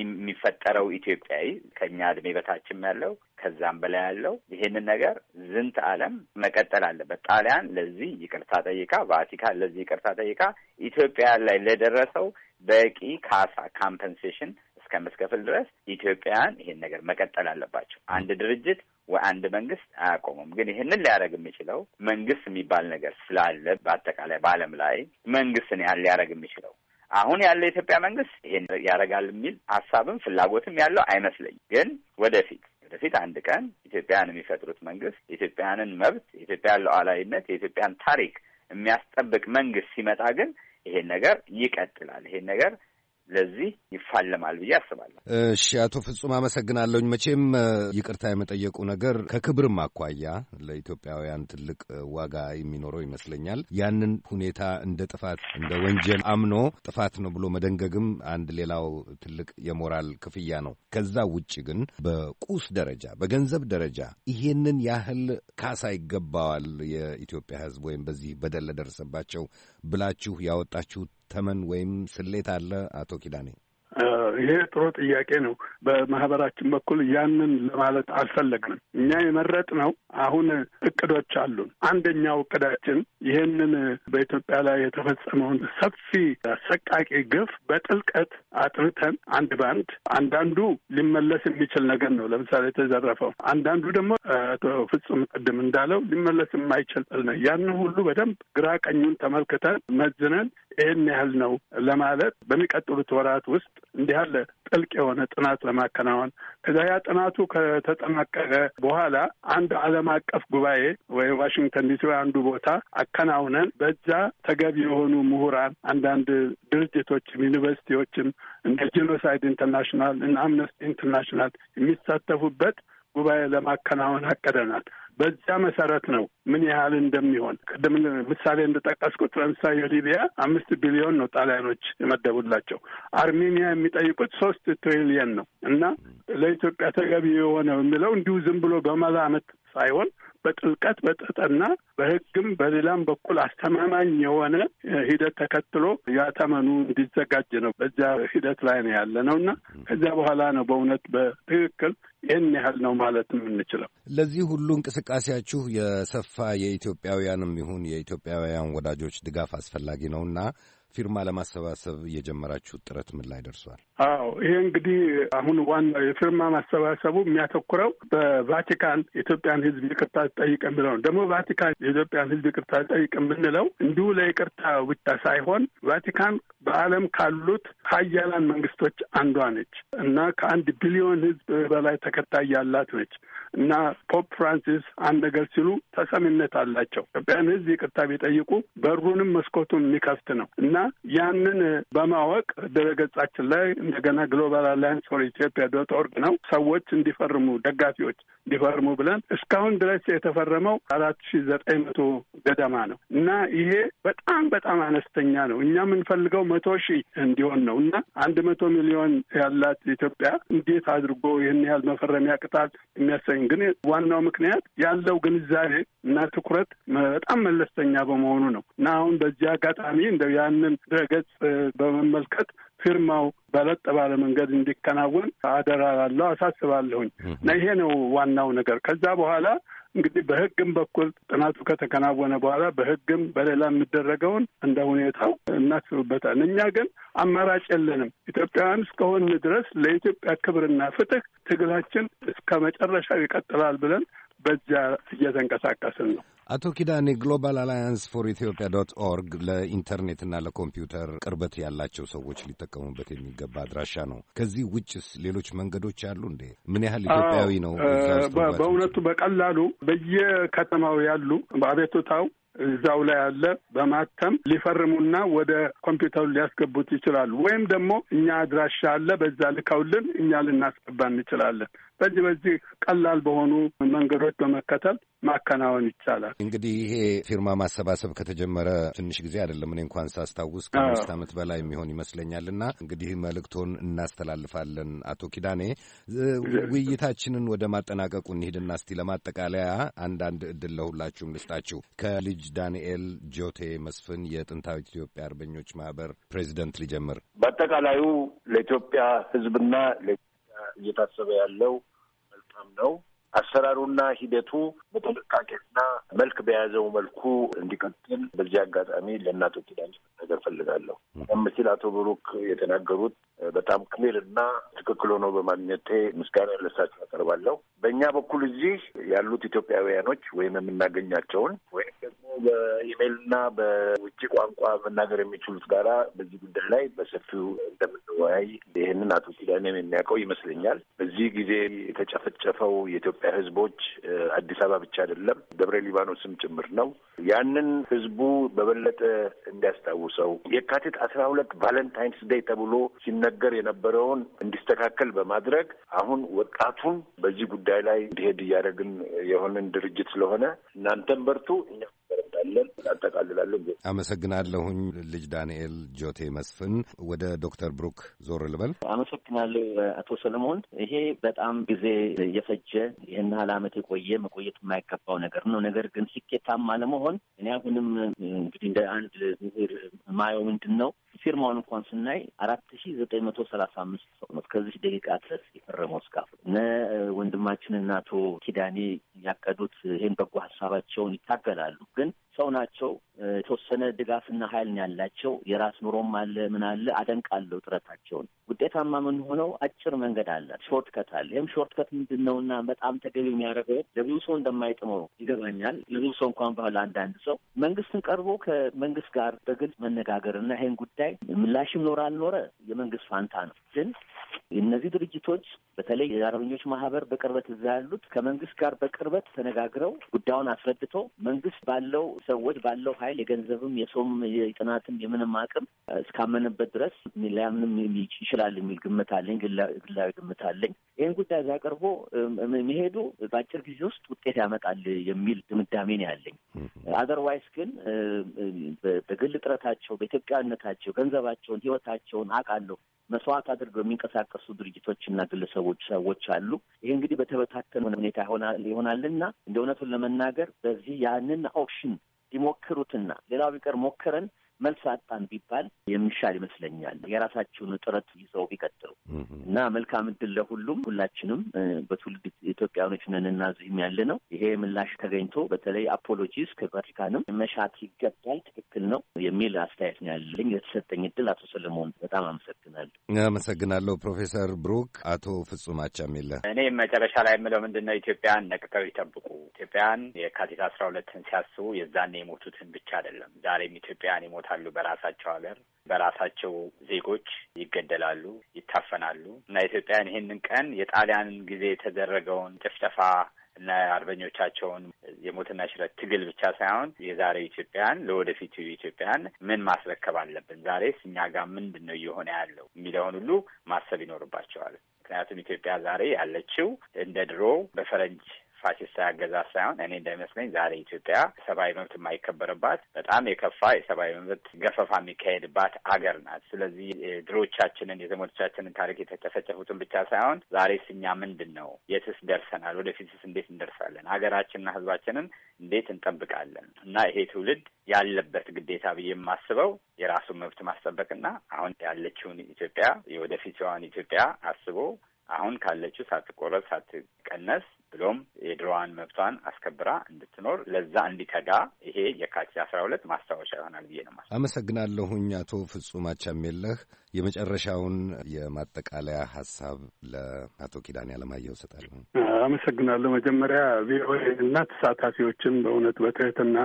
የሚፈጠረው ኢትዮጵያዊ ከኛ እድሜ በታችም ያለው ከዛም በላይ ያለው ይሄንን ነገር ዝንት ዓለም መቀጠል አለበት። ጣሊያን ለዚህ ይቅርታ ጠይቃ፣ ቫቲካን ለዚህ ይቅርታ ጠይቃ ኢትዮጵያውያን ላይ ለደረሰው በቂ ካሳ ካምፐንሴሽን እስከምትከፍል ድረስ ኢትዮጵያውያን ይሄን ነገር መቀጠል አለባቸው። አንድ ድርጅት ወይ አንድ መንግስት አያቆሙም። ግን ይህንን ሊያደርግ የሚችለው መንግስት የሚባል ነገር ስላለ በአጠቃላይ በዓለም ላይ መንግስትን ያህል ሊያደርግ የሚችለው አሁን ያለ የኢትዮጵያ መንግስት ያደርጋል የሚል ሀሳብም ፍላጎትም ያለው አይመስለኝም። ግን ወደፊት ወደፊት አንድ ቀን ኢትዮጵያን የሚፈጥሩት መንግስት የኢትዮጵያንን መብት፣ የኢትዮጵያን ሉዓላዊነት፣ የኢትዮጵያን ታሪክ የሚያስጠብቅ መንግስት ሲመጣ ግን ይሄን ነገር ይቀጥላል። ይሄን ነገር ለዚህ ይፋለማል ብዬ አስባለሁ። እሺ፣ አቶ ፍጹም አመሰግናለሁኝ። መቼም ይቅርታ የመጠየቁ ነገር ከክብርም አኳያ ለኢትዮጵያውያን ትልቅ ዋጋ የሚኖረው ይመስለኛል። ያንን ሁኔታ እንደ ጥፋት እንደ ወንጀል አምኖ ጥፋት ነው ብሎ መደንገግም አንድ ሌላው ትልቅ የሞራል ክፍያ ነው። ከዛ ውጭ ግን በቁስ ደረጃ በገንዘብ ደረጃ ይሄንን ያህል ካሳ ይገባዋል የኢትዮጵያ ሕዝብ ወይም በዚህ በደል ለደረሰባቸው ብላችሁ ያወጣችሁት ተመን ወይም ስሌት አለ? አቶ ኪዳኔ ይሄ ጥሩ ጥያቄ ነው። በማህበራችን በኩል ያንን ለማለት አልፈለግንም። እኛ የመረጥ ነው አሁን እቅዶች አሉን። አንደኛው እቅዳችን ይህንን በኢትዮጵያ ላይ የተፈጸመውን ሰፊ አሰቃቂ ግፍ በጥልቀት አጥንተን አንድ ባንድ አንዳንዱ ሊመለስ የሚችል ነገር ነው። ለምሳሌ የተዘረፈው፣ አንዳንዱ ደግሞ አቶ ፍጹም ቅድም እንዳለው ሊመለስ የማይችል ነው። ያንን ሁሉ በደንብ ግራ ቀኙን ተመልክተን መዝነን ይህን ያህል ነው ለማለት በሚቀጥሉት ወራት ውስጥ እንዲህ አለ ጥልቅ የሆነ ጥናት ለማከናወን ከዛ ያ ጥናቱ ከተጠናቀቀ በኋላ አንድ ዓለም አቀፍ ጉባኤ ወይ ዋሽንግተን ዲሲ አንዱ ቦታ አከናውነን በዛ ተገቢ የሆኑ ምሁራን፣ አንዳንድ ድርጅቶችም ዩኒቨርሲቲዎችም እንደ ጄኖሳይድ ኢንተርናሽናል እና አምነስቲ ኢንተርናሽናል የሚሳተፉበት ጉባኤ ለማከናወን አቀደናል። በዚያ መሰረት ነው ምን ያህል እንደሚሆን። ቅድም ምሳሌ እንደጠቀስኩት ለምሳሌ ሊቢያ አምስት ቢሊዮን ነው ጣሊያኖች የመደቡላቸው። አርሜኒያ የሚጠይቁት ሶስት ትሪሊየን ነው እና ለኢትዮጵያ ተገቢ የሆነው የሚለው እንዲሁ ዝም ብሎ በመላመት ሳይሆን በጥልቀት በጠጠና በህግም በሌላም በኩል አስተማማኝ የሆነ ሂደት ተከትሎ ያተመኑ እንዲዘጋጅ ነው። በዚያ ሂደት ላይ ነው ያለ ነው እና ከዚያ በኋላ ነው በእውነት በትክክል ይህን ያህል ነው ማለት የምንችለው። ለዚህ ሁሉ እንቅስቃሴያችሁ የሰፋ የኢትዮጵያውያንም ይሁን የኢትዮጵያውያን ወዳጆች ድጋፍ አስፈላጊ ነውና ፊርማ ለማሰባሰብ የጀመራችሁት ጥረት ምን ላይ ደርሷል? አዎ ይሄ እንግዲህ አሁን ዋናው የፊርማ ማሰባሰቡ የሚያተኩረው በቫቲካን የኢትዮጵያን ሕዝብ ይቅርታ ጠይቅ የምለው ነው። ደግሞ ቫቲካን የኢትዮጵያን ሕዝብ ይቅርታ ጠይቅ የምንለው እንዲሁ ለይቅርታ ብቻ ሳይሆን ቫቲካን በዓለም ካሉት ሀያላን መንግስቶች አንዷ ነች እና ከአንድ ቢሊዮን ሕዝብ በላይ ተከታይ ያላት ነች እና ፖፕ ፍራንሲስ አንድ ነገር ሲሉ ተሰሚነት አላቸው። ኢትዮጵያን ሕዝብ ይቅርታ ቢጠይቁ በሩንም መስኮቱን የሚከፍት ነው እና ያንን በማወቅ ድረገጻችን ላይ እንደገና ግሎባል አላያንስ ፎር ኢትዮጵያ ዶት ኦርግ ነው ሰዎች እንዲፈርሙ ደጋፊዎች እንዲፈርሙ ብለን እስካሁን ድረስ የተፈረመው አራት ሺ ዘጠኝ መቶ ገደማ ነው እና ይሄ በጣም በጣም አነስተኛ ነው። እኛ የምንፈልገው መቶ ሺህ እንዲሆን ነው እና አንድ መቶ ሚሊዮን ያላት ኢትዮጵያ እንዴት አድርጎ ይህን ያህል መፈረሚያ ቅጣት የሚያሰኝ ግን ዋናው ምክንያት ያለው ግንዛቤ እና ትኩረት በጣም መለስተኛ በመሆኑ ነው እና አሁን በዚህ አጋጣሚ እንደው ያንን ድረገጽ በመመልከት ፊርማው በለጥ ባለ መንገድ እንዲከናወን አደራላለሁ፣ አሳስባለሁኝ እና ይሄ ነው ዋናው ነገር። ከዛ በኋላ እንግዲህ በህግም በኩል ጥናቱ ከተከናወነ በኋላ በህግም በሌላ የሚደረገውን እንደ ሁኔታው እናስብበታል። እኛ ግን አማራጭ የለንም። ኢትዮጵያውያን እስከሆን ድረስ ለኢትዮጵያ ክብርና ፍትህ ትግላችን እስከ መጨረሻው ይቀጥላል ብለን በዚያ እየተንቀሳቀስን ነው። አቶ ኪዳኔ ግሎባል አላያንስ ፎር ኢትዮጵያ ዶት ኦርግ ለኢንተርኔትና ለኮምፒውተር ቅርበት ያላቸው ሰዎች ሊጠቀሙበት የሚገባ አድራሻ ነው። ከዚህ ውጭስ ሌሎች መንገዶች አሉ እንዴ? ምን ያህል ኢትዮጵያዊ ነው? በእውነቱ በቀላሉ በየከተማው ያሉ አቤቱታው እዛው ላይ አለ በማተም ሊፈርሙና ወደ ኮምፒውተሩ ሊያስገቡት ይችላሉ። ወይም ደግሞ እኛ አድራሻ አለ በዛ ልከውልን እኛ ልናስገባ እንችላለን። በዚህ በዚህ ቀላል በሆኑ መንገዶች በመከተል ማከናወን ይቻላል። እንግዲህ ይሄ ፊርማ ማሰባሰብ ከተጀመረ ትንሽ ጊዜ አይደለም። እኔ እንኳን ሳስታውስ ከአምስት ዓመት በላይ የሚሆን ይመስለኛል። እና እንግዲህ መልእክቶን እናስተላልፋለን። አቶ ኪዳኔ ውይይታችንን ወደ ማጠናቀቁ እንሂድና እስቲ ለማጠቃለያ አንዳንድ እድል ለሁላችሁም ልስጣችሁ ከልጅ ልጅ ዳንኤል ጆቴ መስፍን የጥንታዊት ኢትዮጵያ አርበኞች ማህበር ፕሬዚደንት ሊጀምር በአጠቃላዩ ለኢትዮጵያ ህዝብና ለኢትዮጵያ እየታሰበ ያለው መልካም ነው። አሰራሩና ሂደቱ በጥንቃቄና መልክ በያዘው መልኩ እንዲቀጥል በዚህ አጋጣሚ ለእናቶ ኪዳን ነገር ፈልጋለሁ። ቀደም ሲል አቶ ብሩክ የተናገሩት በጣም ክሊር እና ትክክል ሆኖ በማግኘቴ ምስጋና ለሳቸው አቀርባለሁ። በእኛ በኩል እዚህ ያሉት ኢትዮጵያውያኖች ወይም የምናገኛቸውን ወይም በኢሜይል ና በውጭ ቋንቋ መናገር የሚችሉት ጋራ በዚህ ጉዳይ ላይ በሰፊው እንደምንወያይ ይህንን አቶ ኪዳኔም የሚያውቀው ይመስለኛል። በዚህ ጊዜ የተጨፈጨፈው የኢትዮጵያ ሕዝቦች አዲስ አበባ ብቻ አይደለም፣ ደብረ ሊባኖስም ጭምር ነው። ያንን ሕዝቡ በበለጠ እንዲያስታውሰው የካቲት አስራ ሁለት ቫለንታይንስ ዴይ ተብሎ ሲነገር የነበረውን እንዲስተካከል በማድረግ አሁን ወጣቱን በዚህ ጉዳይ ላይ እንዲሄድ እያደረግን የሆንን ድርጅት ስለሆነ እናንተም በርቱ፣ እኛ እናያለን። አጠቃልላለሁ። አመሰግናለሁኝ። ልጅ ዳንኤል ጆቴ መስፍን፣ ወደ ዶክተር ብሩክ ዞር ልበል። አመሰግናለሁ አቶ ሰለሞን። ይሄ በጣም ጊዜ የፈጀ ይህን ያህል አመት የቆየ መቆየት የማይገባው ነገር ነው። ነገር ግን ስኬታማ ለመሆን እኔ አሁንም እንግዲህ እንደ አንድ ምሁር ማየው ምንድን ነው ፊርማውን እንኳን ስናይ አራት ሺ ዘጠኝ መቶ ሰላሳ አምስት ሰው ነው እስከዚህ ደቂቃ ድረስ የፈረመው። እስካሁን እነ ወንድማችንና አቶ ኪዳኔ ያቀዱት ይህን በጎ ሀሳባቸውን ይታገላሉ። ግን ሰው ናቸው። የተወሰነ ድጋፍና ኃይል ያላቸው የራስ ኑሮም አለ ምን አለ አደንቃለሁ ጥረታቸውን ውጤታማ ሆነው አጭር መንገድ አለ፣ ሾርትከት አለ። ይህም ሾርትከት ምንድን ነው እና በጣም ተገቢ የሚያደርገው ለብዙ ሰው እንደማይጥመው ይገባኛል። ለብዙ ሰው እንኳን ባህል አንዳንድ ሰው መንግስትን ቀርቦ ከመንግስት ጋር በግልጽ መነጋገር እና ይህን ጉዳይ ምላሽም ኖረ አልኖረ የመንግስት ፋንታ ነው ግን እነዚህ ድርጅቶች በተለይ የአርበኞች ማህበር በቅርበት እዛ ያሉት ከመንግስት ጋር በቅርበት ተነጋግረው ጉዳዩን አስረድተው መንግስት ባለው ሰዎች ባለው ኃይል የገንዘብም የሰውም የጥናትም የምንም አቅም እስካመንበት ድረስ ሊያምንም ይችላል ይችላል የሚል ግምት አለኝ፣ ግላዊ ግምት አለኝ። ይህን ጉዳይ እዛ ቀርቦ መሄዱ በአጭር ጊዜ ውስጥ ውጤት ያመጣል የሚል ድምዳሜ ነው ያለኝ። አዘርዋይስ ግን በግል ጥረታቸው፣ በኢትዮጵያዊነታቸው ገንዘባቸውን፣ ህይወታቸውን አውቃለሁ መስዋዕት አድርገው የሚንቀሳቀሱ ድርጅቶችና ግለሰቦች ሰዎች አሉ። ይሄ እንግዲህ በተበታተነ ሁኔታ ይሆናልና እንደ እውነቱን ለመናገር በዚህ ያንን ኦፕሽን ሊሞክሩትና ሌላው ቢቀር ሞክረን መልስ አጣን ቢባል የሚሻል ይመስለኛል። የራሳቸውን ጥረት ይዘው ቢቀጥሉ እና መልካም እድል ለሁሉም። ሁላችንም በትውልድ ኢትዮጵያኖች ነን እና እዚህም ያለ ነው። ይሄ ምላሽ ተገኝቶ በተለይ አፖሎጂስ ከቫቲካንም መሻት ይገባል። ትክክል ነው የሚል አስተያየት ነው ያለኝ። የተሰጠኝ እድል አቶ ሰለሞን በጣም አመሰግናለሁ። አመሰግናለሁ ፕሮፌሰር ብሩክ። አቶ ፍጹም አቻሜለህ። እኔ መጨረሻ ላይ የምለው ምንድን ነው ኢትዮጵያን ነቅተው ይጠብቁ። ኢትዮጵያን የካቲት አስራ ሁለትን ሲያስቡ የዛን የሞቱትን ብቻ አይደለም ዛሬም ኢትዮጵያን የሞ ይሞታሉ በራሳቸው ሀገር በራሳቸው ዜጎች ይገደላሉ፣ ይታፈናሉ እና ኢትዮጵያውያን ይህንን ቀን የጣሊያንን ጊዜ የተደረገውን ጭፍጨፋ እና አርበኞቻቸውን የሞትና ሽረት ትግል ብቻ ሳይሆን የዛሬ ኢትዮጵያን ለወደፊቱ ኢትዮጵያን ምን ማስረከብ አለብን፣ ዛሬስ እኛ ጋር ምንድን ነው እየሆነ ያለው የሚለውን ሁሉ ማሰብ ይኖርባቸዋል። ምክንያቱም ኢትዮጵያ ዛሬ ያለችው እንደ ድሮ በፈረንጅ ፋሲስት አገዛዝ ሳይሆን እኔ እንደሚመስለኝ ዛሬ ኢትዮጵያ ሰብአዊ መብት የማይከበርባት በጣም የከፋ የሰብአዊ መብት ገፈፋ የሚካሄድባት አገር ናት። ስለዚህ ድሮቻችንን የዘመዶቻችንን ታሪክ የተጨፈጨፉትን ብቻ ሳይሆን ዛሬስ እኛ ምንድን ነው? የትስ ደርሰናል? ወደፊትስ እንዴት እንደርሳለን? ሀገራችንና ህዝባችንን እንዴት እንጠብቃለን? እና ይሄ ትውልድ ያለበት ግዴታ ብዬ የማስበው የራሱን መብት ማስጠበቅና አሁን ያለችውን ኢትዮጵያ የወደፊትዋን ኢትዮጵያ አስቦ አሁን ካለችው ሳትቆረጥ ሳትቀነስ ብሎም የድሮዋን መብቷን አስከብራ እንድትኖር ለዛ እንዲተጋ ይሄ የካቲት አስራ ሁለት ማስታወሻ ይሆናል ብዬ ነው ማስ አመሰግናለሁኝ። አቶ ፍጹም አቻሜለህ የመጨረሻውን የማጠቃለያ ሀሳብ ለአቶ ኪዳኔ አለማየሁ እሰጣለሁ። አመሰግናለሁ። መጀመሪያ ቪኦኤ እና ተሳታፊዎችን በእውነት በትህትና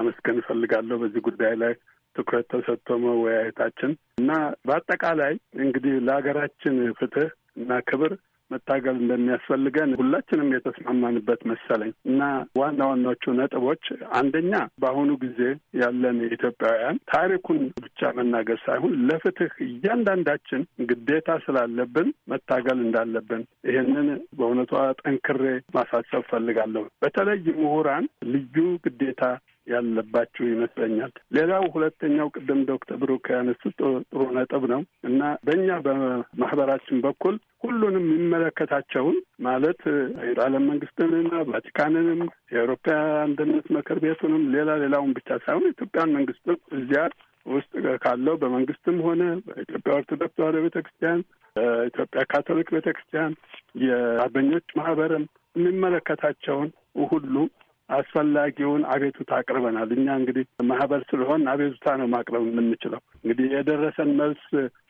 አመስገን እፈልጋለሁ በዚህ ጉዳይ ላይ ትኩረት ተሰጥቶ መወያየታችን እና በአጠቃላይ እንግዲህ ለሀገራችን ፍትህ እና ክብር መታገል እንደሚያስፈልገን ሁላችንም የተስማማንበት መሰለኝ እና ዋና ዋናዎቹ ነጥቦች አንደኛ በአሁኑ ጊዜ ያለን ኢትዮጵያውያን ታሪኩን ብቻ መናገር ሳይሆን ለፍትህ እያንዳንዳችን ግዴታ ስላለብን መታገል እንዳለብን ይህንን በእውነቷ ጠንክሬ ማሳሰብ ፈልጋለሁ። በተለይ ምሁራን ልዩ ግዴታ ያለባቸው ይመስለኛል። ሌላው ሁለተኛው ቅድም ዶክተር ብሩክ ያነሱት ጥሩ ነጥብ ነው እና በእኛ በማህበራችን በኩል ሁሉንም የሚመለከታቸውን ማለት የጣሊያን መንግስትንና ቫቲካንንም የአውሮፓ አንድነት ምክር ቤቱንም ሌላ ሌላውን ብቻ ሳይሆን የኢትዮጵያን መንግስትም እዚያ ውስጥ ካለው በመንግስትም ሆነ በኢትዮጵያ ኦርቶዶክስ ተዋሕዶ ቤተ ክርስቲያን፣ በኢትዮጵያ ካቶሊክ ቤተ ክርስቲያን፣ የአርበኞች ማህበርም የሚመለከታቸውን ሁሉ አስፈላጊውን አቤቱታ አቅርበናል። እኛ እንግዲህ ማህበር ስለሆን አቤቱታ ነው ማቅረብ የምንችለው። እንግዲህ የደረሰን መልስ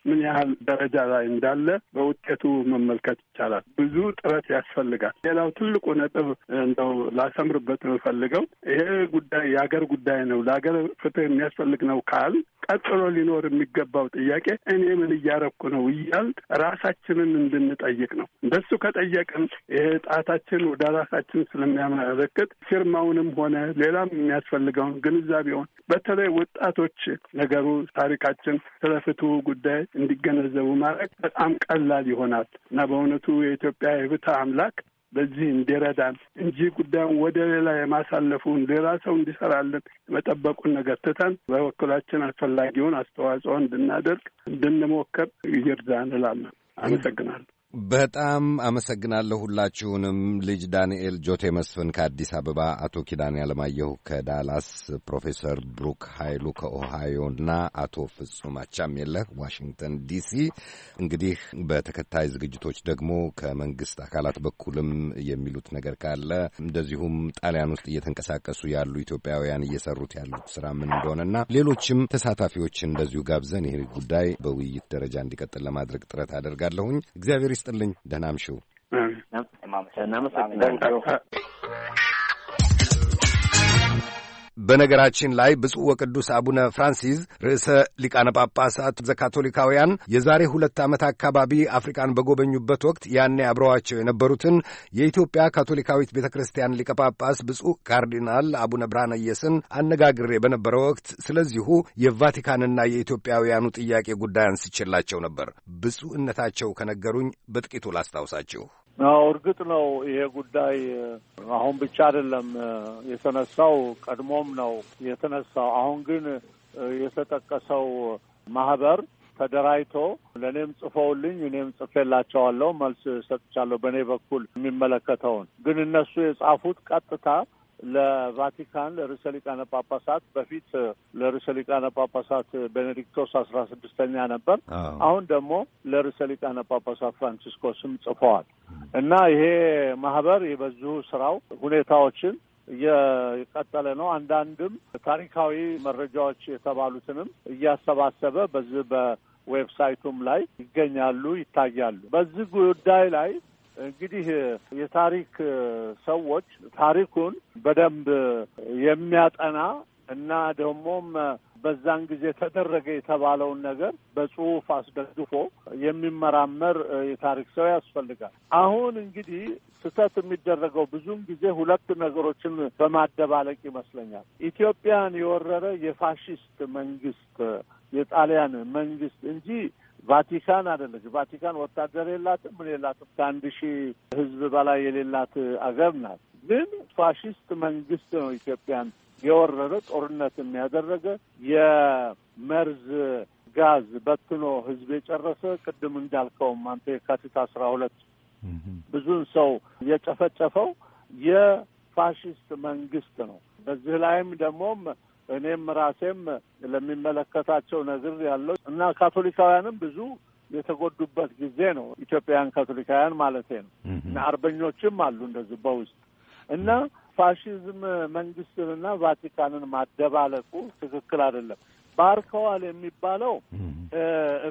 ምን ያህል ደረጃ ላይ እንዳለ በውጤቱ መመልከት ይቻላል። ብዙ ጥረት ያስፈልጋል። ሌላው ትልቁ ነጥብ እንደው ላሰምርበት የምፈልገው ይሄ ጉዳይ የሀገር ጉዳይ ነው፣ ለሀገር ፍትህ የሚያስፈልግ ነው ካል ቀጥሎ ሊኖር የሚገባው ጥያቄ እኔ ምን እያረኩ ነው እያል ራሳችንን እንድንጠይቅ ነው። እንደሱ ከጠየቅን ይሄ ጣታችን ወደ ራሳችን ስለሚያመለክት ፊርማ ጫማውንም ሆነ ሌላም የሚያስፈልገውን ግንዛቤውን በተለይ ወጣቶች ነገሩ ታሪካችን ስለ ጉዳይ እንዲገነዘቡ ማድረግ በጣም ቀላል ይሆናል እና በእውነቱ የኢትዮጵያ የፍትህ አምላክ በዚህ እንዲረዳን እንጂ ጉዳዩን ወደ ሌላ የማሳለፉን ሌላ ሰው እንዲሰራልን የመጠበቁን ነገር ትተን በበኩላችን አስፈላጊውን አስተዋጽኦ እንድናደርግ እንድንሞክር ይርዳን አመሰግናለሁ። በጣም አመሰግናለሁ ሁላችሁንም። ልጅ ዳንኤል ጆቴ መስፍን ከአዲስ አበባ፣ አቶ ኪዳን ያለማየሁ ከዳላስ፣ ፕሮፌሰር ብሩክ ኃይሉ ከኦሃዮና አቶ ፍጹም የለህ ዋሽንግተን ዲሲ። እንግዲህ በተከታይ ዝግጅቶች ደግሞ ከመንግስት አካላት በኩልም የሚሉት ነገር ካለ እንደዚሁም ጣሊያን ውስጥ እየተንቀሳቀሱ ያሉ ኢትዮጵያውያን እየሰሩት ያሉት ስራ ምን እንደሆነና ሌሎችም ተሳታፊዎች እንደዚሁ ጋብዘን ይህ ጉዳይ በውይይት ደረጃ እንዲቀጥል ለማድረግ ጥረት አደርጋለሁኝ። እግዚአብሔር ይስጥልኝ። ደህና እምሽው። እናመሰግናለን። በነገራችን ላይ ብፁዕ ወቅዱስ አቡነ ፍራንሲስ ርዕሰ ሊቃነ ጳጳሳት ዘካቶሊካውያን የዛሬ ሁለት ዓመት አካባቢ አፍሪቃን በጎበኙበት ወቅት ያኔ አብረዋቸው የነበሩትን የኢትዮጵያ ካቶሊካዊት ቤተ ክርስቲያን ሊቀ ጳጳስ ብፁዕ ካርዲናል አቡነ ብርሃነየስን አነጋግሬ በነበረ ወቅት ስለዚሁ የቫቲካንና የኢትዮጵያውያኑ ጥያቄ ጉዳይ አንስቼላቸው ነበር። ብፁዕነታቸው ከነገሩኝ በጥቂቱ ላስታውሳችሁ። አዎ እርግጥ ነው ይሄ ጉዳይ አሁን ብቻ አይደለም የተነሳው፣ ቀድሞም ነው የተነሳው። አሁን ግን የተጠቀሰው ማህበር ተደራጅቶ ለእኔም ጽፈውልኝ እኔም ጽፌላቸዋለሁ መልስ ሰጥቻለሁ። በእኔ በኩል የሚመለከተውን ግን እነሱ የጻፉት ቀጥታ ለቫቲካን ለርዕሰ ሊቃነ ጳጳሳት በፊት ለርዕሰ ሊቃነ ጳጳሳት ቤኔዲክቶስ አስራ ስድስተኛ ነበር። አሁን ደግሞ ለርዕሰ ሊቃነ ጳጳሳት ፍራንሲስኮስም ጽፈዋል እና ይሄ ማህበር የበዙ ስራው ሁኔታዎችን እየቀጠለ ነው። አንዳንድም ታሪካዊ መረጃዎች የተባሉትንም እያሰባሰበ በዚህ በዌብሳይቱም ላይ ይገኛሉ፣ ይታያሉ። በዚህ ጉዳይ ላይ እንግዲህ የታሪክ ሰዎች ታሪኩን በደንብ የሚያጠና እና ደግሞም በዛን ጊዜ ተደረገ የተባለውን ነገር በጽሁፍ አስደግፎ የሚመራመር የታሪክ ሰው ያስፈልጋል። አሁን እንግዲህ ስህተት የሚደረገው ብዙም ጊዜ ሁለት ነገሮችን በማደባለቅ ይመስለኛል። ኢትዮጵያን የወረረ የፋሽስት መንግስት የጣሊያን መንግስት እንጂ ቫቲካን አደለች። ቫቲካን ወታደር የላትም ምን የላትም። ከአንድ ሺህ ህዝብ በላይ የሌላት አገር ናት። ግን ፋሽስት መንግስት ነው ኢትዮጵያን የወረረ ጦርነትም ያደረገ የመርዝ ጋዝ በትኖ ህዝብ የጨረሰ ቅድም እንዳልከውም አንተ የካቲት አስራ ሁለት ብዙን ሰው የጨፈጨፈው የፋሽስት መንግስት ነው። በዚህ ላይም ደግሞም እኔም ራሴም ለሚመለከታቸው ነግር ያለው እና ካቶሊካውያንም ብዙ የተጎዱበት ጊዜ ነው። ኢትዮጵያውያን ካቶሊካውያን ማለት ነው። እና አርበኞችም አሉ እንደዚህ በውስጥ እና ፋሽዝም መንግስትንና ቫቲካንን ማደባለቁ ትክክል አይደለም። ባርከዋል የሚባለው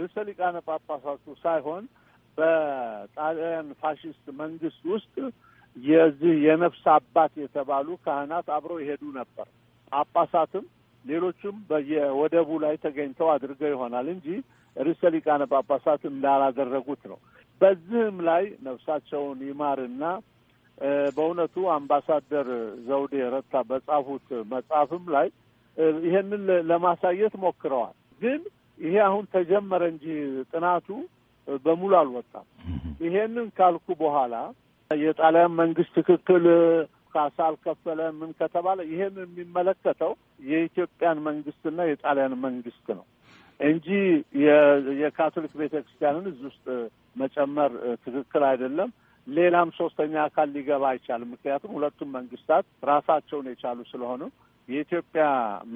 ርዕሰ ሊቃነ ጳጳሳቱ ሳይሆን በጣሊያን ፋሽስት መንግስት ውስጥ የዚህ የነፍስ አባት የተባሉ ካህናት አብረው ይሄዱ ነበር። ጳጳሳትም ሌሎቹም በየወደቡ ላይ ተገኝተው አድርገው ይሆናል እንጂ ርዕሰ ሊቃነ ጳጳሳት እንዳላደረጉት ነው። በዚህም ላይ ነፍሳቸውን ይማርና በእውነቱ አምባሳደር ዘውዴ ረታ በጻፉት መጽሐፍም ላይ ይሄንን ለማሳየት ሞክረዋል። ግን ይሄ አሁን ተጀመረ እንጂ ጥናቱ በሙሉ አልወጣም። ይሄንን ካልኩ በኋላ የጣሊያን መንግስት ትክክል ካሳ አልከፈለ ምን ከተባለ ይሄን የሚመለከተው የኢትዮጵያን መንግስትና የጣሊያን መንግስት ነው እንጂ የካቶሊክ ቤተ ክርስቲያንን እዚህ ውስጥ መጨመር ትክክል አይደለም። ሌላም ሶስተኛ አካል ሊገባ አይቻልም። ምክንያቱም ሁለቱም መንግስታት ራሳቸውን የቻሉ ስለሆኑ የኢትዮጵያ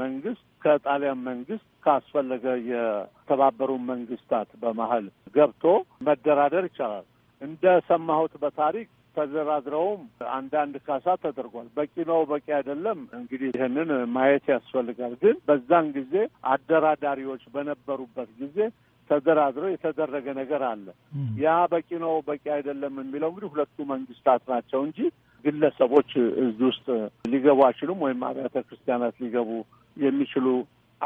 መንግስት ከጣሊያን መንግስት ካስፈለገ የተባበሩ መንግስታት በመሀል ገብቶ መደራደር ይቻላል። እንደ ሰማሁት በታሪክ ተደራድረውም አንዳንድ ካሳ ተደርጓል። በቂ ነው በቂ አይደለም እንግዲህ ይህንን ማየት ያስፈልጋል። ግን በዛን ጊዜ አደራዳሪዎች በነበሩበት ጊዜ ተደራድረው የተደረገ ነገር አለ። ያ በቂ ነው በቂ አይደለም የሚለው እንግዲህ ሁለቱ መንግስታት ናቸው እንጂ ግለሰቦች እዚህ ውስጥ ሊገቡ አይችሉም፣ ወይም አብያተ ክርስቲያናት ሊገቡ የሚችሉ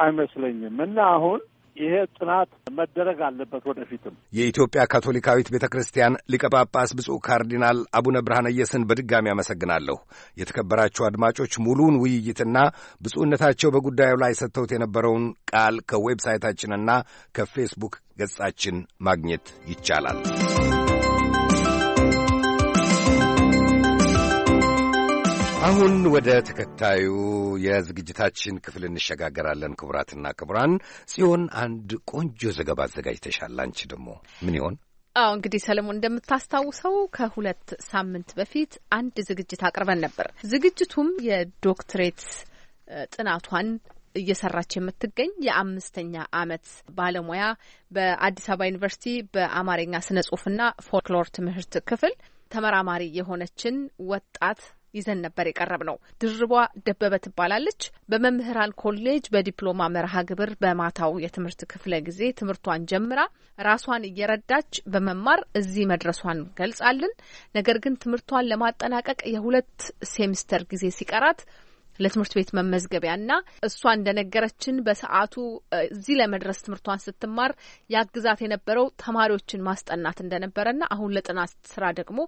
አይመስለኝም እና አሁን ይሄ ጥናት መደረግ አለበት ወደፊትም። የኢትዮጵያ ካቶሊካዊት ቤተ ክርስቲያን ሊቀ ጳጳስ ብፁዕ ካርዲናል አቡነ ብርሃነየስን በድጋሚ አመሰግናለሁ። የተከበራችሁ አድማጮች ሙሉውን ውይይትና ብፁዕነታቸው በጉዳዩ ላይ ሰጥተውት የነበረውን ቃል ከዌብሳይታችንና ከፌስቡክ ገጻችን ማግኘት ይቻላል። አሁን ወደ ተከታዩ የዝግጅታችን ክፍል እንሸጋገራለን። ክቡራትና ክቡራን፣ ጽዮን አንድ ቆንጆ ዘገባ አዘጋጅተሻል። አንቺ ደግሞ ምን ይሆን? አዎ እንግዲህ ሰለሞን እንደምታስታውሰው ከሁለት ሳምንት በፊት አንድ ዝግጅት አቅርበን ነበር። ዝግጅቱም የዶክትሬት ጥናቷን እየሰራች የምትገኝ የአምስተኛ ዓመት ባለሙያ በአዲስ አበባ ዩኒቨርሲቲ በአማርኛ ስነ ጽሁፍና ፎልክሎር ትምህርት ክፍል ተመራማሪ የሆነችን ወጣት ይዘን ነበር የቀረብ ነው። ድርቧ ደበበ ትባላለች። በመምህራን ኮሌጅ በዲፕሎማ መርሃ ግብር በማታው የትምህርት ክፍለ ጊዜ ትምህርቷን ጀምራ ራሷን እየረዳች በመማር እዚህ መድረሷን ገልጻልን። ነገር ግን ትምህርቷን ለማጠናቀቅ የሁለት ሴሚስተር ጊዜ ሲቀራት ለትምህርት ቤት መመዝገቢያ እሷ እንደነገረችን በሰዓቱ እዚህ ለመድረስ ትምህርቷን ስትማር ያግዛት የነበረው ተማሪዎችን ማስጠናት እንደነበረና አሁን ለጥናት ስራ ደግሞ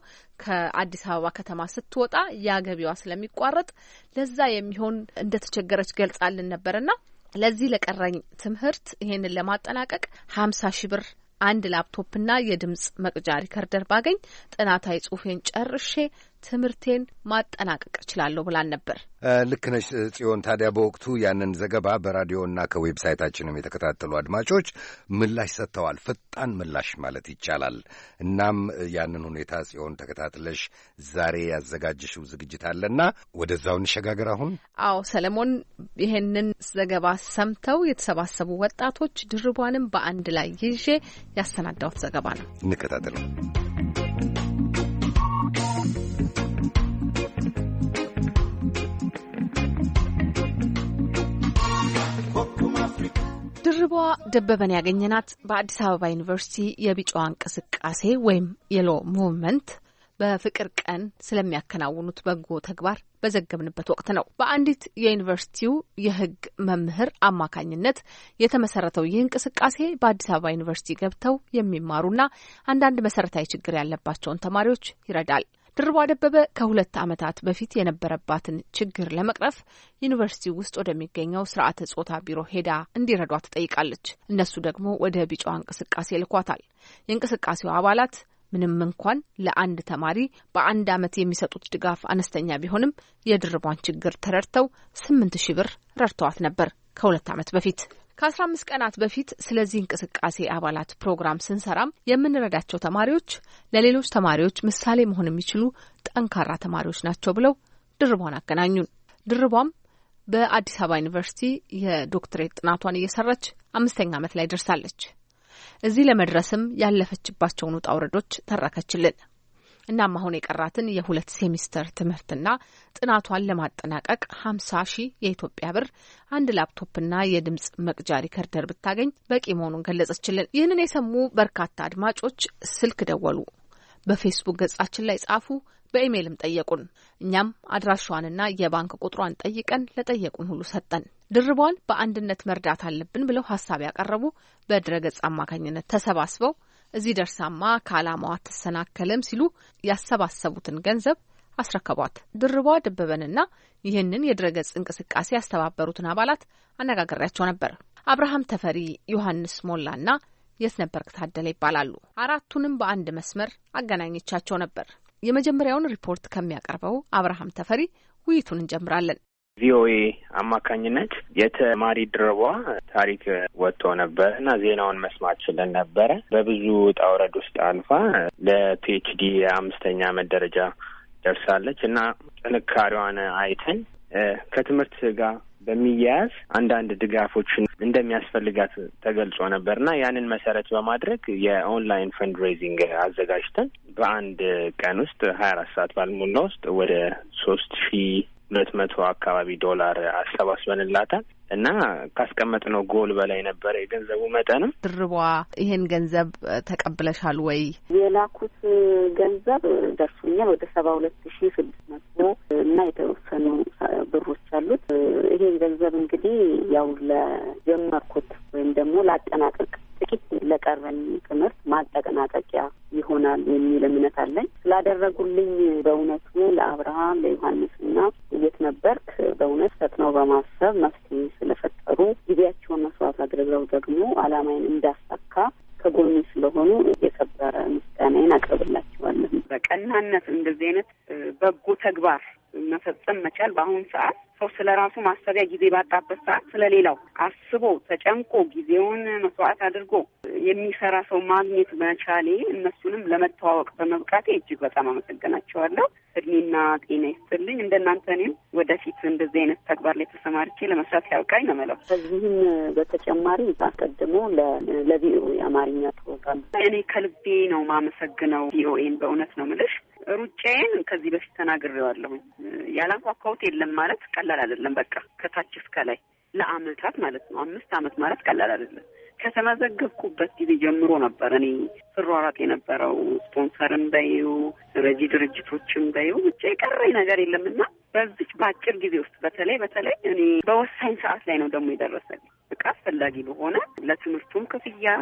ከአዲስ አበባ ከተማ ስትወጣ ያገቢዋ ስለሚቋረጥ ለዛ የሚሆን እንደተቸገረች ገልጻልን ነበርና ለዚህ ለቀረኝ ትምህርት ይሄንን ለማጠናቀቅ ሀምሳ ሺ ብር አንድ ላፕቶፕና የድምጽ መቅጃ ሪከርደር ባገኝ ጥናታዊ ጽሁፌን ጨርሼ ትምህርቴን ማጠናቀቅ እችላለሁ ብላን ነበር። ልክ ነሽ ጽዮን። ታዲያ በወቅቱ ያንን ዘገባ በራዲዮና ከዌብሳይታችንም የተከታተሉ አድማጮች ምላሽ ሰጥተዋል። ፈጣን ምላሽ ማለት ይቻላል። እናም ያንን ሁኔታ ጽዮን ተከታትለሽ ዛሬ ያዘጋጀሽው ዝግጅት አለና ወደዛው እንሸጋገር። አሁን አዎ፣ ሰለሞን ይሄንን ዘገባ ሰምተው የተሰባሰቡ ወጣቶች ድርቧንም በአንድ ላይ ይዤ ያሰናዳሁት ዘገባ ነው። እንከታተለው። ድርቧ ደበበን ያገኘናት በአዲስ አበባ ዩኒቨርሲቲ የቢጫዋ እንቅስቃሴ ወይም የሎ ሙቭመንት በፍቅር ቀን ስለሚያከናውኑት በጎ ተግባር በዘገብንበት ወቅት ነው። በአንዲት የዩኒቨርሲቲው የሕግ መምህር አማካኝነት የተመሰረተው ይህ እንቅስቃሴ በአዲስ አበባ ዩኒቨርሲቲ ገብተው የሚማሩና አንዳንድ መሰረታዊ ችግር ያለባቸውን ተማሪዎች ይረዳል። ድርቧ ደበበ ከሁለት ዓመታት በፊት የነበረባትን ችግር ለመቅረፍ ዩኒቨርሲቲ ውስጥ ወደሚገኘው ስርዓተ ጾታ ቢሮ ሄዳ እንዲረዷ ትጠይቃለች። እነሱ ደግሞ ወደ ቢጫዋ እንቅስቃሴ ልኳታል። የእንቅስቃሴው አባላት ምንም እንኳን ለአንድ ተማሪ በአንድ ዓመት የሚሰጡት ድጋፍ አነስተኛ ቢሆንም የድርቧን ችግር ተረድተው ስምንት ሺህ ብር ረድተዋት ነበር ከሁለት ዓመት በፊት ከ15 ቀናት በፊት ስለዚህ እንቅስቃሴ አባላት ፕሮግራም ስንሰራም የምንረዳቸው ተማሪዎች ለሌሎች ተማሪዎች ምሳሌ መሆን የሚችሉ ጠንካራ ተማሪዎች ናቸው ብለው ድርቧን አገናኙን። ድርቧም በአዲስ አበባ ዩኒቨርሲቲ የዶክትሬት ጥናቷን እየሰራች አምስተኛ ዓመት ላይ ደርሳለች። እዚህ ለመድረስም ያለፈችባቸውን ውጣ ውረዶች ተረከችልን። እናም አሁን የቀራትን የሁለት ሴሚስተር ትምህርትና ጥናቷን ለማጠናቀቅ ሀምሳ ሺህ የኢትዮጵያ ብር አንድ ላፕቶፕና የድምጽ መቅጃ ሪከርደር ብታገኝ በቂ መሆኑን ገለጸችልን። ይህንን የሰሙ በርካታ አድማጮች ስልክ ደወሉ፣ በፌስቡክ ገጻችን ላይ ጻፉ፣ በኢሜይልም ጠየቁን። እኛም አድራሿንና የባንክ ቁጥሯን ጠይቀን ለጠየቁን ሁሉ ሰጠን። ድርቧን በአንድነት መርዳት አለብን ብለው ሀሳብ ያቀረቡ በድረገጽ አማካኝነት ተሰባስበው እዚህ ደርሳማ ከዓላማዋ አትሰናከልም ሲሉ ያሰባሰቡትን ገንዘብ አስረከቧት። ድርቧ ደበበንና ይህንን የድረገጽ እንቅስቃሴ ያስተባበሩትን አባላት አነጋግሬያቸው ነበር። አብርሃም ተፈሪ፣ ዮሐንስ ሞላና የትነበርክ ታደለ ይባላሉ። አራቱንም በአንድ መስመር አገናኘቻቸው ነበር። የመጀመሪያውን ሪፖርት ከሚያቀርበው አብርሃም ተፈሪ ውይይቱን እንጀምራለን። ቪኦኤ አማካኝነት የተማሪ ድረቧ ታሪክ ወጥቶ ነበር እና ዜናውን መስማት ችለን ነበረ። በብዙ ውጣ ውረድ ውስጥ አልፋ ለፒኤችዲ የአምስተኛ ዓመት ደረጃ ደርሳለች እና ጥንካሬዋን አይተን ከትምህርት ጋር በሚያያዝ አንዳንድ ድጋፎችን እንደሚያስፈልጋት ተገልጾ ነበር እና ያንን መሰረት በማድረግ የኦንላይን ፈንድ ሬይዚንግ አዘጋጅተን በአንድ ቀን ውስጥ ሀያ አራት ሰዓት ባልሞላ ውስጥ ወደ ሶስት ሺህ ሁለት መቶ አካባቢ ዶላር አሰባስበንላታል እና ካስቀመጥነው ጎል በላይ ነበረ የገንዘቡ መጠንም። ድርቧ ይሄን ገንዘብ ተቀብለሻል ወይ? የላኩት ገንዘብ ደርሶኛል ወደ ሰባ ሁለት ሺ ስድስት መቶ እና የተወሰኑ ብሮች አሉት። ይሄን ገንዘብ እንግዲህ ያው ለጀመርኩት ወይም ደግሞ ላጠናቀቅ ጥቂት ለቀረኝ ትምህርት ማጠቀናጠቂያ ይሆናል የሚል እምነት አለኝ። ስላደረጉልኝ በእውነቱ ለአብርሃም ለዮሐንስና የት ነበርክ በእውነት ፈጥነው በማሰብ መፍትሄ ስለፈጠሩ ጊዜያቸውን መስዋዕት አድርገው ደግሞ አላማዬን እንዳሳካ ከጎኒ ስለሆኑ የከበረ ምስጋናዬን አቅርብላቸዋለን። በቀናነት እንደዚህ አይነት በጎ ተግባር መፈጸም መቻል በአሁኑ ሰዓት ሰው ስለ ራሱ ማሰቢያ ጊዜ ባጣበት ሰዓት ስለሌላው አስቦ ተጨንቆ ጊዜውን መስዋዕት አድርጎ የሚሰራ ሰው ማግኘት መቻሌ እነሱንም ለመተዋወቅ በመብቃቴ እጅግ በጣም አመሰግናቸዋለሁ። እድሜና ጤና ይስጥልኝ። እንደናንተ እኔም ወደፊት እንደዚህ አይነት ተግባር ላይ ተሰማርቼ ለመስራት ያብቃኝ ነው የምለው። ከዚህም በተጨማሪ አስቀድሞ ለቪኦኤ የአማርኛ ፕሮግራም እኔ ከልቤ ነው ማመሰግነው። ቪኦኤን በእውነት ነው ምልሽ ሩጫዬን ከዚህ በፊት ተናግሬዋለሁኝ። ያላንኳኳሁት የለም ማለት ቀላል ቀላል አይደለም። በቃ ከታች እስከ ላይ ለአመታት ማለት ነው። አምስት አመት ማለት ቀላል አይደለም። ከተመዘገብኩበት ጊዜ ጀምሮ ነበር እኔ ስሯሯጥ የነበረው ስፖንሰርም በዩ ረጂ ድርጅቶችም በዩ ብቻ የቀረኝ ነገር የለም እና በዚች በአጭር ጊዜ ውስጥ በተለይ በተለይ እኔ በወሳኝ ሰዓት ላይ ነው ደግሞ የደረሰልኝ በቃ አስፈላጊ በሆነ ለትምህርቱም ክፍያ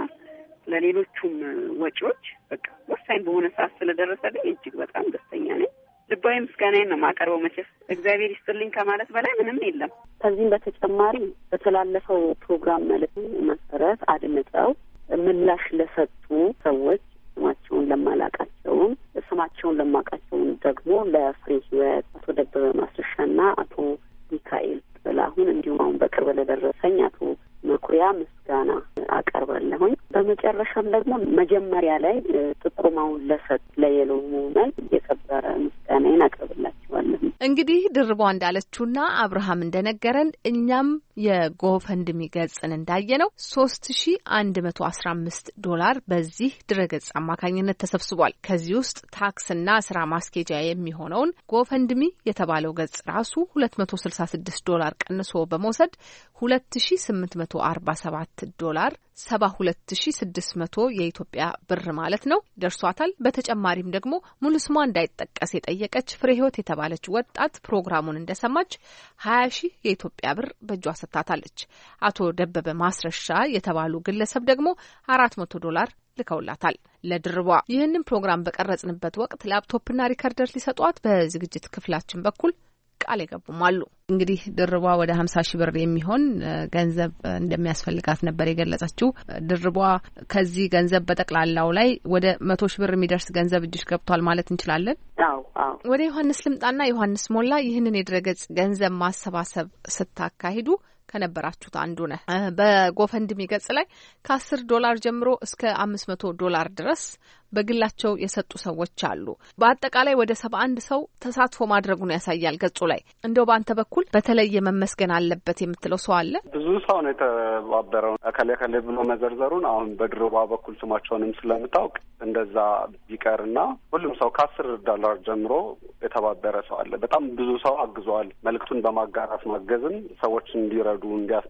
ለሌሎቹም ወጪዎች በቃ ወሳኝ በሆነ ሰዓት ስለደረሰልኝ እጅግ በጣም ደስተኛ ነኝ። ልባዊ ምስጋናዬን ነው የማቀርበው። መቼስ እግዚአብሔር ይስጥልኝ ከማለት በላይ ምንም የለም። ከዚህም በተጨማሪ በተላለፈው ፕሮግራም መልዕክት መሰረት አድምጠው ምላሽ ለሰጡ ሰዎች ስማቸውን ለማላቃቸውም ስማቸውን ለማቃቸውን ደግሞ ለፍሬ ህይወት፣ አቶ ደበበ ማስረሻና አቶ ሚካኤል ጥላሁን እንዲሁም አሁን በቅርብ ለደረሰኝ አቶ መኩሪያ ምስጋና አቀርባለሁኝ። በመጨረሻም ደግሞ መጀመሪያ ላይ ጥቆማውን ለሰጥ ለየሎ ሙመን እንግዲህ ድርቧ እንዳለችውና አብርሃም እንደነገረን እኛም የጎፈንድሚ ገጽን እንዳየ ነው ሶስት ሺ አንድ መቶ አስራ አምስት ዶላር በዚህ ድረገጽ አማካኝነት ተሰብስቧል። ከዚህ ውስጥ ታክስና ስራ ማስኬጃ የሚሆነውን ጎፈንድሚ የተባለው ገጽ ራሱ ሁለት መቶ ስልሳ ስድስት ዶላር ቀንሶ በመውሰድ ሁለት ሺ ስምንት መቶ አርባ ሰባት ዶላር ሰባ ሁለት ሺ ስድስት መቶ የኢትዮጵያ ብር ማለት ነው ደርሷታል። በተጨማሪም ደግሞ ሙሉ ስሟ እንዳይጠቀስ የጠየቀች ፍሬ ህይወት የተባለች ወጣት ፕሮግራሙን እንደሰማች ሀያ ሺህ የኢትዮጵያ ብር በእጇ ሰጥታታለች። አቶ ደበበ ማስረሻ የተባሉ ግለሰብ ደግሞ አራት መቶ ዶላር ልከውላታል ለድርቧ። ይህንን ፕሮግራም በቀረጽንበት ወቅት ላፕቶፕና ሪከርደር ሊሰጧት በዝግጅት ክፍላችን በኩል ቃል የገቡም አሉ። እንግዲህ ድርቧ ወደ ሀምሳ ሺ ብር የሚሆን ገንዘብ እንደሚያስፈልጋት ነበር የገለጸችው። ድርቧ ከዚህ ገንዘብ በጠቅላላው ላይ ወደ መቶ ሺ ብር የሚደርስ ገንዘብ እጅሽ ገብቷል ማለት እንችላለን። ወደ ዮሐንስ ልምጣና ዮሐንስ ሞላ ይህንን የድረገጽ ገንዘብ ማሰባሰብ ስታካሂዱ ከነበራችሁት አንዱ ነህ። በጎፈንድሚ ገጽ ላይ ከአስር ዶላር ጀምሮ እስከ አምስት መቶ ዶላር ድረስ በግላቸው የሰጡ ሰዎች አሉ። በአጠቃላይ ወደ ሰባ አንድ ሰው ተሳትፎ ማድረጉን ያሳያል ገጹ ላይ። እንደው በአንተ በኩል በተለየ መመስገን አለበት የምትለው ሰው አለ? ብዙ ሰው ነው የተባበረው። እከሌ እከሌ ብሎ መዘርዘሩን አሁን በድርባ በኩል ስማቸውንም ስለምታውቅ እንደዛ ቢቀርና ሁሉም ሰው ከአስር ዶላር ጀምሮ የተባበረ ሰው አለ። በጣም ብዙ ሰው አግዘዋል። መልእክቱን በማጋራት ማገዝን ሰዎች እንዲረዱ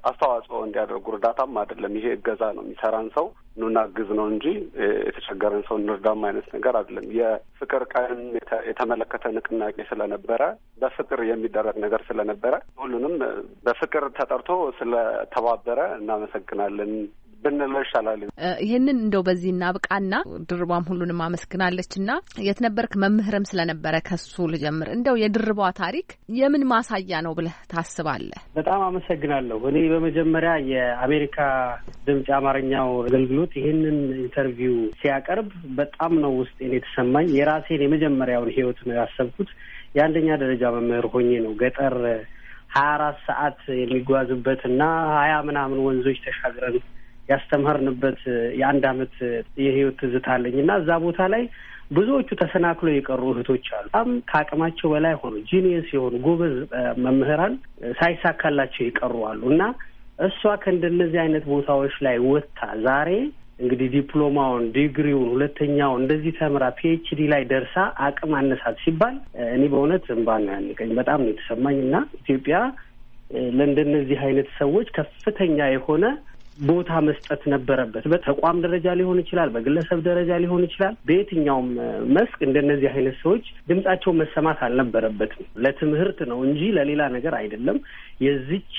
አስተዋጽኦ እንዲያደርጉ እርዳታም አይደለም ይሄ እገዛ ነው የሚሰራን ሰው ኑናግዝ ነው እንጂ የተቸገረን ሰው እንርዳም አይነት ነገር አይደለም። የፍቅር ቀን የተመለከተ ንቅናቄ ስለነበረ በፍቅር የሚደረግ ነገር ስለነበረ ሁሉንም በፍቅር ተጠርቶ ስለተባበረ እናመሰግናለን። ብንል ይሻላል። ይህንን እንደው በዚህ እናብቃና ድርቧም ሁሉንም አመስግናለች ና የት ነበርክ መምህርም ስለነበረ ከሱ ልጀምር። እንደው የድርቧ ታሪክ የምን ማሳያ ነው ብለህ ታስባለህ? በጣም አመሰግናለሁ። እኔ በመጀመሪያ የአሜሪካ ድምፅ የአማርኛው አገልግሎት ይህንን ኢንተርቪው ሲያቀርብ በጣም ነው ውስጤን የተሰማኝ። የራሴን የመጀመሪያውን ህይወት ነው ያሰብኩት። የአንደኛ ደረጃ መምህር ሆኜ ነው ገጠር ሀያ አራት ሰዓት የሚጓዙበት እና ሀያ ምናምን ወንዞች ተሻግረን ያስተማርንበት የአንድ አመት የህይወት ትዝታ አለኝ እና እዛ ቦታ ላይ ብዙዎቹ ተሰናክሎ የቀሩ እህቶች አሉ። በጣም ከአቅማቸው በላይ ሆኑ፣ ጂኒየስ የሆኑ ጎበዝ መምህራን ሳይሳካላቸው የቀሩ አሉ እና እሷ ከእንደነዚህ አይነት ቦታዎች ላይ ወጥታ ዛሬ እንግዲህ ዲፕሎማውን፣ ዲግሪውን፣ ሁለተኛውን እንደዚህ ተምራ ፒኤችዲ ላይ ደርሳ አቅም አነሳት ሲባል እኔ በእውነት እምባ ነው ያንቀኝ። በጣም ነው የተሰማኝ እና ኢትዮጵያ ለእንደነዚህ አይነት ሰዎች ከፍተኛ የሆነ ቦታ መስጠት ነበረበት። በተቋም ደረጃ ሊሆን ይችላል፣ በግለሰብ ደረጃ ሊሆን ይችላል። በየትኛውም መስክ እንደነዚህ አይነት ሰዎች ድምጻቸው መሰማት አልነበረበትም። ለትምህርት ነው እንጂ ለሌላ ነገር አይደለም። የዚች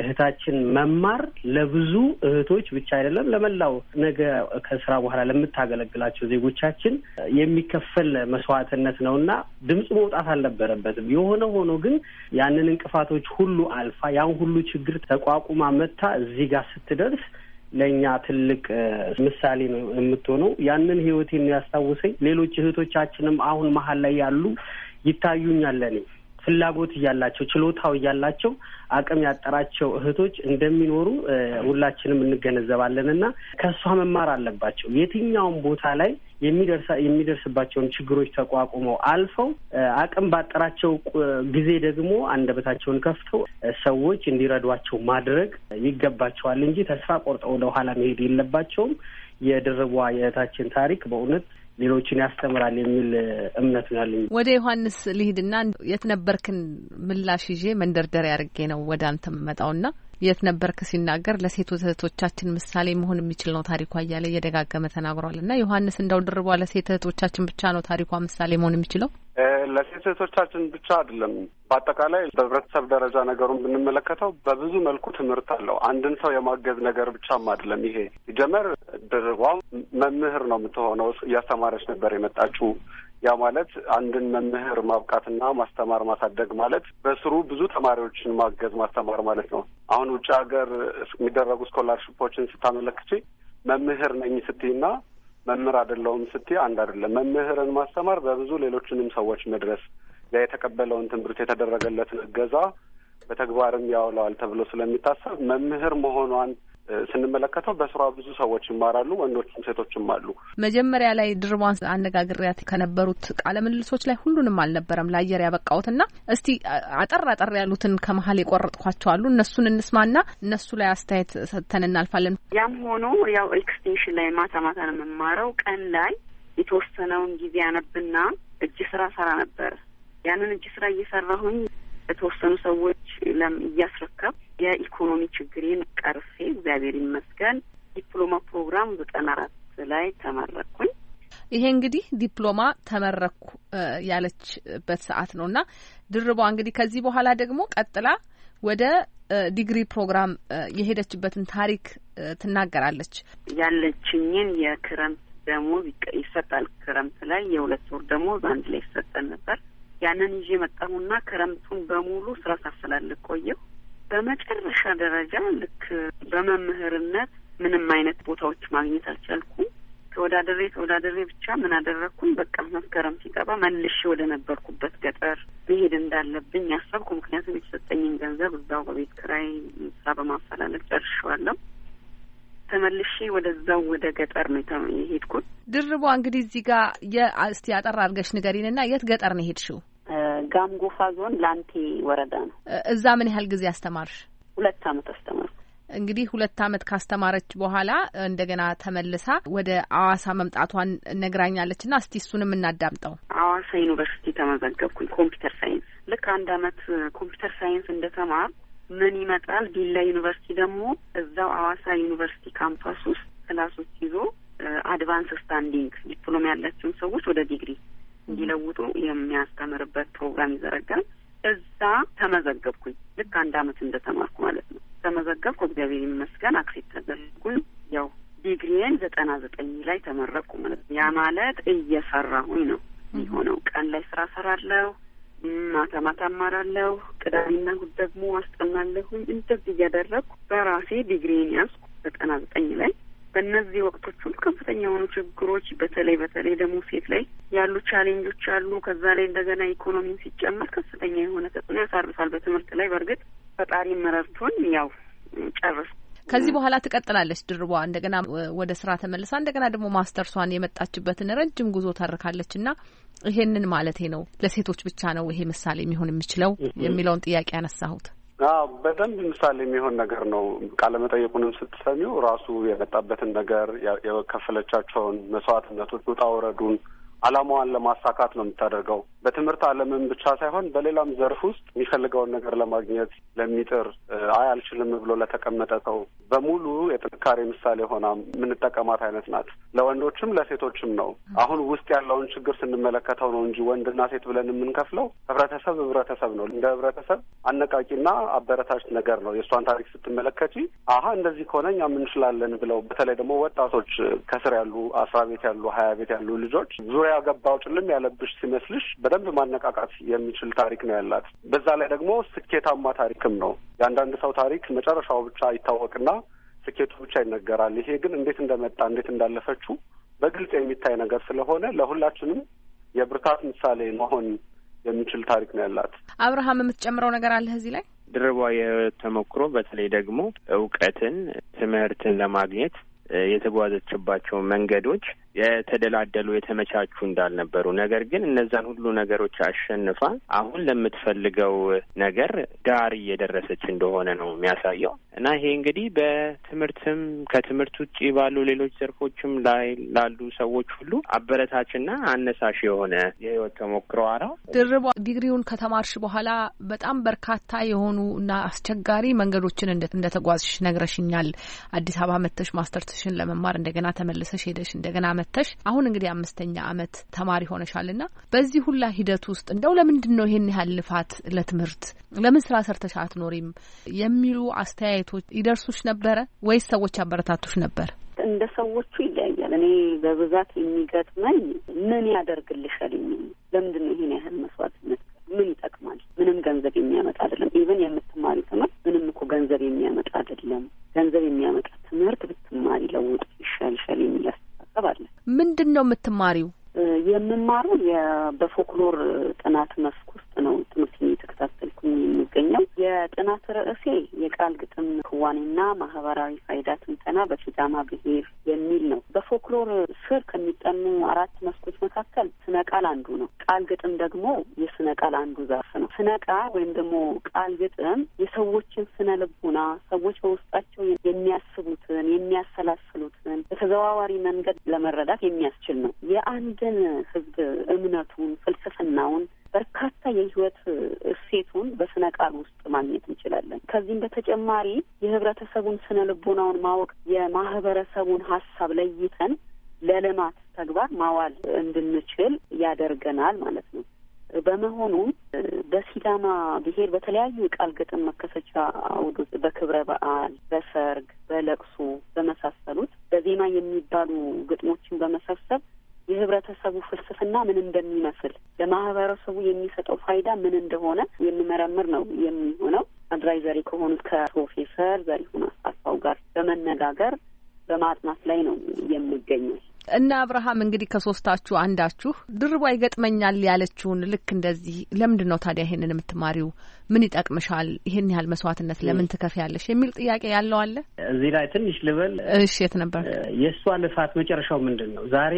እህታችን መማር ለብዙ እህቶች ብቻ አይደለም ለመላው ነገ ከስራ በኋላ ለምታገለግላቸው ዜጎቻችን የሚከፈል መስዋዕትነት ነው እና ድምፁ መውጣት አልነበረበትም። የሆነ ሆኖ ግን ያንን እንቅፋቶች ሁሉ አልፋ ያን ሁሉ ችግር ተቋቁማ መታ እዚህ ጋር ስትደርስ ለእኛ ትልቅ ምሳሌ ነው የምትሆነው። ያንን ህይወቴን ያስታውሰኝ። ሌሎች እህቶቻችንም አሁን መሀል ላይ ያሉ ይታዩኛል ለኔ ፍላጎት እያላቸው ችሎታው እያላቸው አቅም ያጠራቸው እህቶች እንደሚኖሩ ሁላችንም እንገነዘባለን እና ከእሷ መማር አለባቸው። የትኛውም ቦታ ላይ የሚደርሳ የሚደርስባቸውን ችግሮች ተቋቁመው አልፈው አቅም ባጠራቸው ጊዜ ደግሞ አንደበታቸውን ከፍተው ሰዎች እንዲረዷቸው ማድረግ ይገባቸዋል እንጂ ተስፋ ቆርጠው ወደኋላ መሄድ የለባቸውም። የድርቧ የእህታችን ታሪክ በእውነት ሌሎችን ያስተምራል የሚል እምነት ነው ያለኝ። ወደ ዮሐንስ ልሂድና የት ነበርክን ምላሽ ይዤ መንደርደሪያ አድርጌ ነው ወደ አንተ መጣውና የት ነበርክ ሲናገር ለሴቶች እህቶቻችን ምሳሌ መሆን የሚችል ነው ታሪኳ እያለ እየደጋገመ ተናግሯል። እና ዮሐንስ እንዳው ድርቧ ለሴት እህቶቻችን ብቻ ነው ታሪኳ ምሳሌ መሆን የሚችለው ለሴት እህቶቻችን ብቻ አይደለም። በአጠቃላይ በህብረተሰብ ደረጃ ነገሩን ብንመለከተው በብዙ መልኩ ትምህርት አለው። አንድን ሰው የማገዝ ነገር ብቻም አይደለም። ይሄ ጀመር ድርቧም መምህር ነው የምትሆነው። እያስተማረች ነበር የመጣችው ያ ማለት አንድን መምህር ማብቃትና ማስተማር ማሳደግ ማለት በስሩ ብዙ ተማሪዎችን ማገዝ ማስተማር ማለት ነው። አሁን ውጭ ሀገር የሚደረጉ ስኮላርሽፖችን ስታመለክቼ መምህር ነኝ ስትይና መምህር አይደለሁም ስትይ አንድ አይደለም። መምህርን ማስተማር በብዙ ሌሎችንም ሰዎች መድረስ ያ የተቀበለውን ትምህርት የተደረገለትን እገዛ በተግባርም ያውለዋል ተብሎ ስለሚታሰብ መምህር መሆኗን ስንመለከተው በስራ ብዙ ሰዎች ይማራሉ፣ ወንዶችም ሴቶችም አሉ። መጀመሪያ ላይ ድርቧን አነጋግሪያት ከነበሩት ቃለ ምልልሶች ላይ ሁሉንም አልነበረም ለአየር ያበቃሁትና እስቲ አጠር አጠር ያሉትን ከመሀል የቆረጥኳቸው አሉ። እነሱን እንስማና እነሱ ላይ አስተያየት ሰጥተን እናልፋለን። ያም ሆኖ ያው ኤክስቴንሽን ላይ ማታ ማታ ነው የምማረው። ቀን ላይ የተወሰነውን ጊዜ አነብና እጅ ስራ ሰራ ነበር። ያንን እጅ ስራ እየሰራሁኝ የተወሰኑ ሰዎች እያስረከብ የኢኮኖሚ ችግሬን ቀርፌ እግዚአብሔር ይመስገን ዲፕሎማ ፕሮግራም ዘጠና አራት ላይ ተመረኩኝ። ይሄ እንግዲህ ዲፕሎማ ተመረኩ ያለችበት ሰዓት ነው እና ድርቧ እንግዲህ ከዚህ በኋላ ደግሞ ቀጥላ ወደ ዲግሪ ፕሮግራም የሄደችበትን ታሪክ ትናገራለች። ያለችኝን የክረምት ደሞዝ ይሰጣል። ክረምት ላይ የሁለት ወር ደሞዝ አንድ ላይ ይሰጠን ነበር። ያንን ይዤ መጣሁና ክረምቱን በሙሉ ስራ ሳፈላልግ ቆየሁ። በመጨረሻ ደረጃ ልክ በመምህርነት ምንም አይነት ቦታዎች ማግኘት አልቻልኩም። ተወዳደሬ ተወዳደሬ ብቻ ምን አደረግኩኝ? በቃ መስከረም ሲገባ መልሼ ወደ ነበርኩበት ገጠር መሄድ እንዳለብኝ ያሰብኩ። ምክንያቱም የተሰጠኝን ገንዘብ እዛው በቤት ክራይ ስራ በማፈላለግ ጨርሼዋለሁ። ተመልሼ ወደዛው ወደ ገጠር ነው የሄድኩት። ድርቧ እንግዲህ እዚህ ጋር እስቲ አጠር አድርገሽ ንገሪንና የት ገጠር ነው የሄድሽው? ጋምጎፋ ዞን ላንቴ ወረዳ ነው። እዛ ምን ያህል ጊዜ አስተማርሽ? ሁለት አመት አስተማርኩ። እንግዲህ ሁለት አመት ካስተማረች በኋላ እንደገና ተመልሳ ወደ አዋሳ መምጣቷን ነግራኛለች። ና እስቲ እሱንም እናዳምጠው። አዋሳ ዩኒቨርሲቲ ተመዘገብኩኝ ኮምፒውተር ሳይንስ። ልክ አንድ አመት ኮምፒውተር ሳይንስ እንደተማር ምን ይመጣል? ዲላ ዩኒቨርሲቲ ደግሞ እዛው አዋሳ ዩኒቨርሲቲ ካምፓስ ውስጥ ክላሶች ይዞ አድቫንስ ስታንዲንግ ዲፕሎም ያላቸውን ሰዎች ወደ ዲግሪ እንዲለውጡ የሚያስተምርበት ፕሮግራም ይዘረጋል። እዛ ተመዘገብኩኝ። ልክ አንድ አመት እንደተማርኩ ማለት ነው። ተመዘገብኩ። እግዚአብሔር ይመስገን አክሴፕት ተደረግኩኝ። ያው ዲግሪን ዘጠና ዘጠኝ ላይ ተመረቅኩ ማለት ነው። ያ ማለት እየሰራሁኝ ነው የሚሆነው። ቀን ላይ ስራ ሰራለሁ፣ ማታ ማታ አማራለሁ። ቅዳሜና እሑድ ደግሞ አስጠናለሁኝ። እንደዚህ እያደረግኩ በራሴ ዲግሪን ያዝኩ ዘጠና ዘጠኝ ላይ በእነዚህ ወቅቶች ሁሉ ከፍተኛ የሆኑ ችግሮች በተለይ በተለይ ደግሞ ሴት ላይ ያሉ ቻሌንጆች አሉ። ከዛ ላይ እንደገና ኢኮኖሚን ሲጨመር ከፍተኛ የሆነ ተጽዕኖ ያሳርፋል በትምህርት ላይ። በእርግጥ ፈጣሪ መረርቶን ያው ጨረስኩ። ከዚህ በኋላ ትቀጥላለች ድርቧ እንደገና ወደ ስራ ተመልሳ እንደገና ደግሞ ማስተርሷን የመጣችበትን ረጅም ጉዞ ታርካለች እና ይሄንን ማለቴ ነው ለሴቶች ብቻ ነው ይሄ ምሳሌ የሚሆን የሚችለው የሚለውን ጥያቄ ያነሳሁት። አዎ በደንብ ምሳሌ የሚሆን ነገር ነው። ቃለ መጠየቁንም ስትሰሚው ራሱ የመጣበትን ነገር የከፈለቻቸውን መስዋዕትነቶች ውጣ ውረዱን አላማዋን ለማሳካት ነው የምታደርገው። በትምህርት ዓለምን ብቻ ሳይሆን በሌላም ዘርፍ ውስጥ የሚፈልገውን ነገር ለማግኘት ለሚጥር አይ አልችልም ብሎ ለተቀመጠ ሰው በሙሉ የጥንካሬ ምሳሌ ሆና የምንጠቀማት አይነት ናት። ለወንዶችም ለሴቶችም ነው። አሁን ውስጥ ያለውን ችግር ስንመለከተው ነው እንጂ ወንድና ሴት ብለን የምንከፍለው ህብረተሰብ ህብረተሰብ ነው። እንደ ህብረተሰብ አነቃቂና አበረታች ነገር ነው። የእሷን ታሪክ ስትመለከቺ አሀ እንደዚህ ከሆነ እኛም እንችላለን ብለው በተለይ ደግሞ ወጣቶች ከስር ያሉ አስራ ቤት ያሉ ሀያ ቤት ያሉ ልጆች ዙሪያ ገባው ጭልም ያለብሽ ሲመስልሽ በደ በደንብ ማነቃቃት የሚችል ታሪክ ነው ያላት። በዛ ላይ ደግሞ ስኬታማ ታሪክም ነው። የአንዳንድ ሰው ታሪክ መጨረሻው ብቻ ይታወቅና ስኬቱ ብቻ ይነገራል። ይሄ ግን እንዴት እንደመጣ እንዴት እንዳለፈችው በግልጽ የሚታይ ነገር ስለሆነ ለሁላችንም የብርታት ምሳሌ መሆን የሚችል ታሪክ ነው ያላት። አብርሃም፣ የምትጨምረው ነገር አለ እዚህ ላይ? ድርቧ የተሞክሮ በተለይ ደግሞ እውቀትን፣ ትምህርትን ለማግኘት የተጓዘችባቸው መንገዶች የተደላደሉ የተመቻቹ እንዳልነበሩ፣ ነገር ግን እነዛን ሁሉ ነገሮች አሸንፋ አሁን ለምትፈልገው ነገር ዳር እየደረሰች እንደሆነ ነው የሚያሳየው እና ይሄ እንግዲህ በትምህርትም ከትምህርት ውጭ ባሉ ሌሎች ዘርፎችም ላይ ላሉ ሰዎች ሁሉ አበረታችና አነሳሽ የሆነ የህይወት ተሞክሮ ነው። ድርቧ ዲግሪውን ከተማርሽ በኋላ በጣም በርካታ የሆኑ እና አስቸጋሪ መንገዶችን እንደ ተጓዝሽ ነግረሽኛል። አዲስ አበባ መጥተሽ ማስተርትሽን ለመማር እንደገና ተመልሰሽ ሄደሽ እንደገና ፈተሽ አሁን እንግዲህ አምስተኛ አመት ተማሪ ሆነሻል ና በዚህ ሁላ ሂደት ውስጥ እንደው ለምንድን ነው ይሄን ያህል ልፋት ለትምህርት ለምን ስራ ሰርተሽ አትኖሪም የሚሉ አስተያየቶች ይደርሱሽ ነበረ ወይስ ሰዎች አበረታቶች ነበር? እንደ ሰዎቹ ይለያያል። እኔ በብዛት የሚገጥመኝ ምን ያደርግልሻል የሚል ለምንድን ነው ይሄን ያህል መስዋዕትነት ምን ይጠቅማል? ምንም ገንዘብ የሚያመጣ አይደለም። ኢቨን የምትማሪ ትምህርት ምንም እኮ ገንዘብ የሚያመጣ አይደለም። ገንዘብ የሚያመጣ ትምህርት ብትማሪ ለውጥ ይሻልሻል የሚል አስተሳሰብ አለ። ምንድን ነው የምትማሪው? የምማረው በፎክሎር ጥናት መስክ ውስጥ ነው ትምህርትን እየተከታተልኩኝ የሚገኘው። የጥናት ርዕሴ የቃል ግጥም ክዋኔና ማህበራዊ ፋይዳ ትንተና በሲዳማ ብሄር የሚል ነው። በፎክሎር ስር ከሚጠኑ አራት መስኮች መካከል ስነ ቃል አንዱ ነው። ቃል ግጥም ደግሞ የስነ ቃል አንዱ ዘርፍ ነው። ስነ ቃል ወይም ደግሞ ቃል ግጥም የሰዎችን ስነ ልቡና ሰዎች በውስጣቸው የሚያስቡትን የሚያሰላስሉት በተዘዋዋሪ መንገድ ለመረዳት የሚያስችል ነው። የአንድን ህዝብ እምነቱን፣ ፍልስፍናውን በርካታ የህይወት እሴቱን በስነ ቃል ውስጥ ማግኘት እንችላለን። ከዚህም በተጨማሪ የህብረተሰቡን ስነ ልቦናውን ማወቅ የማህበረሰቡን ሀሳብ ለይተን ለልማት ተግባር ማዋል እንድንችል ያደርገናል ማለት ነው። በመሆኑም በሲዳማ ብሔር በተለያዩ የቃል ግጥም መከሰቻ አውዶች በክብረ በዓል፣ በሰርግ፣ በለቅሶ በመሳሰሉት ዜማ የሚባሉ ግጥሞችን በመሰብሰብ የህብረተሰቡ ፍልስፍና ምን እንደሚመስል ለማህበረሰቡ የሚሰጠው ፋይዳ ምን እንደሆነ የምመረምር ነው የሚሆነው። አድቫይዘሪ ከሆኑት ከፕሮፌሰር ዘሪሁን አስፋው ጋር በመነጋገር በማጥናት ላይ ነው የሚገኘው። እና አብርሃም እንግዲህ ከሶስታችሁ አንዳችሁ ድርቧ ይገጥመኛል ያለችውን ልክ እንደዚህ ለምንድን ነው ታዲያ ይሄንን የምትማሪው ምን ይጠቅምሻል፣ ይህን ያህል መስዋዕትነት ለምን ትከፍያለሽ የሚል ጥያቄ ያለው አለ። እዚህ ላይ ትንሽ ልበል። እሺ፣ የት ነበር የእሷ ልፋት መጨረሻው ምንድን ነው? ዛሬ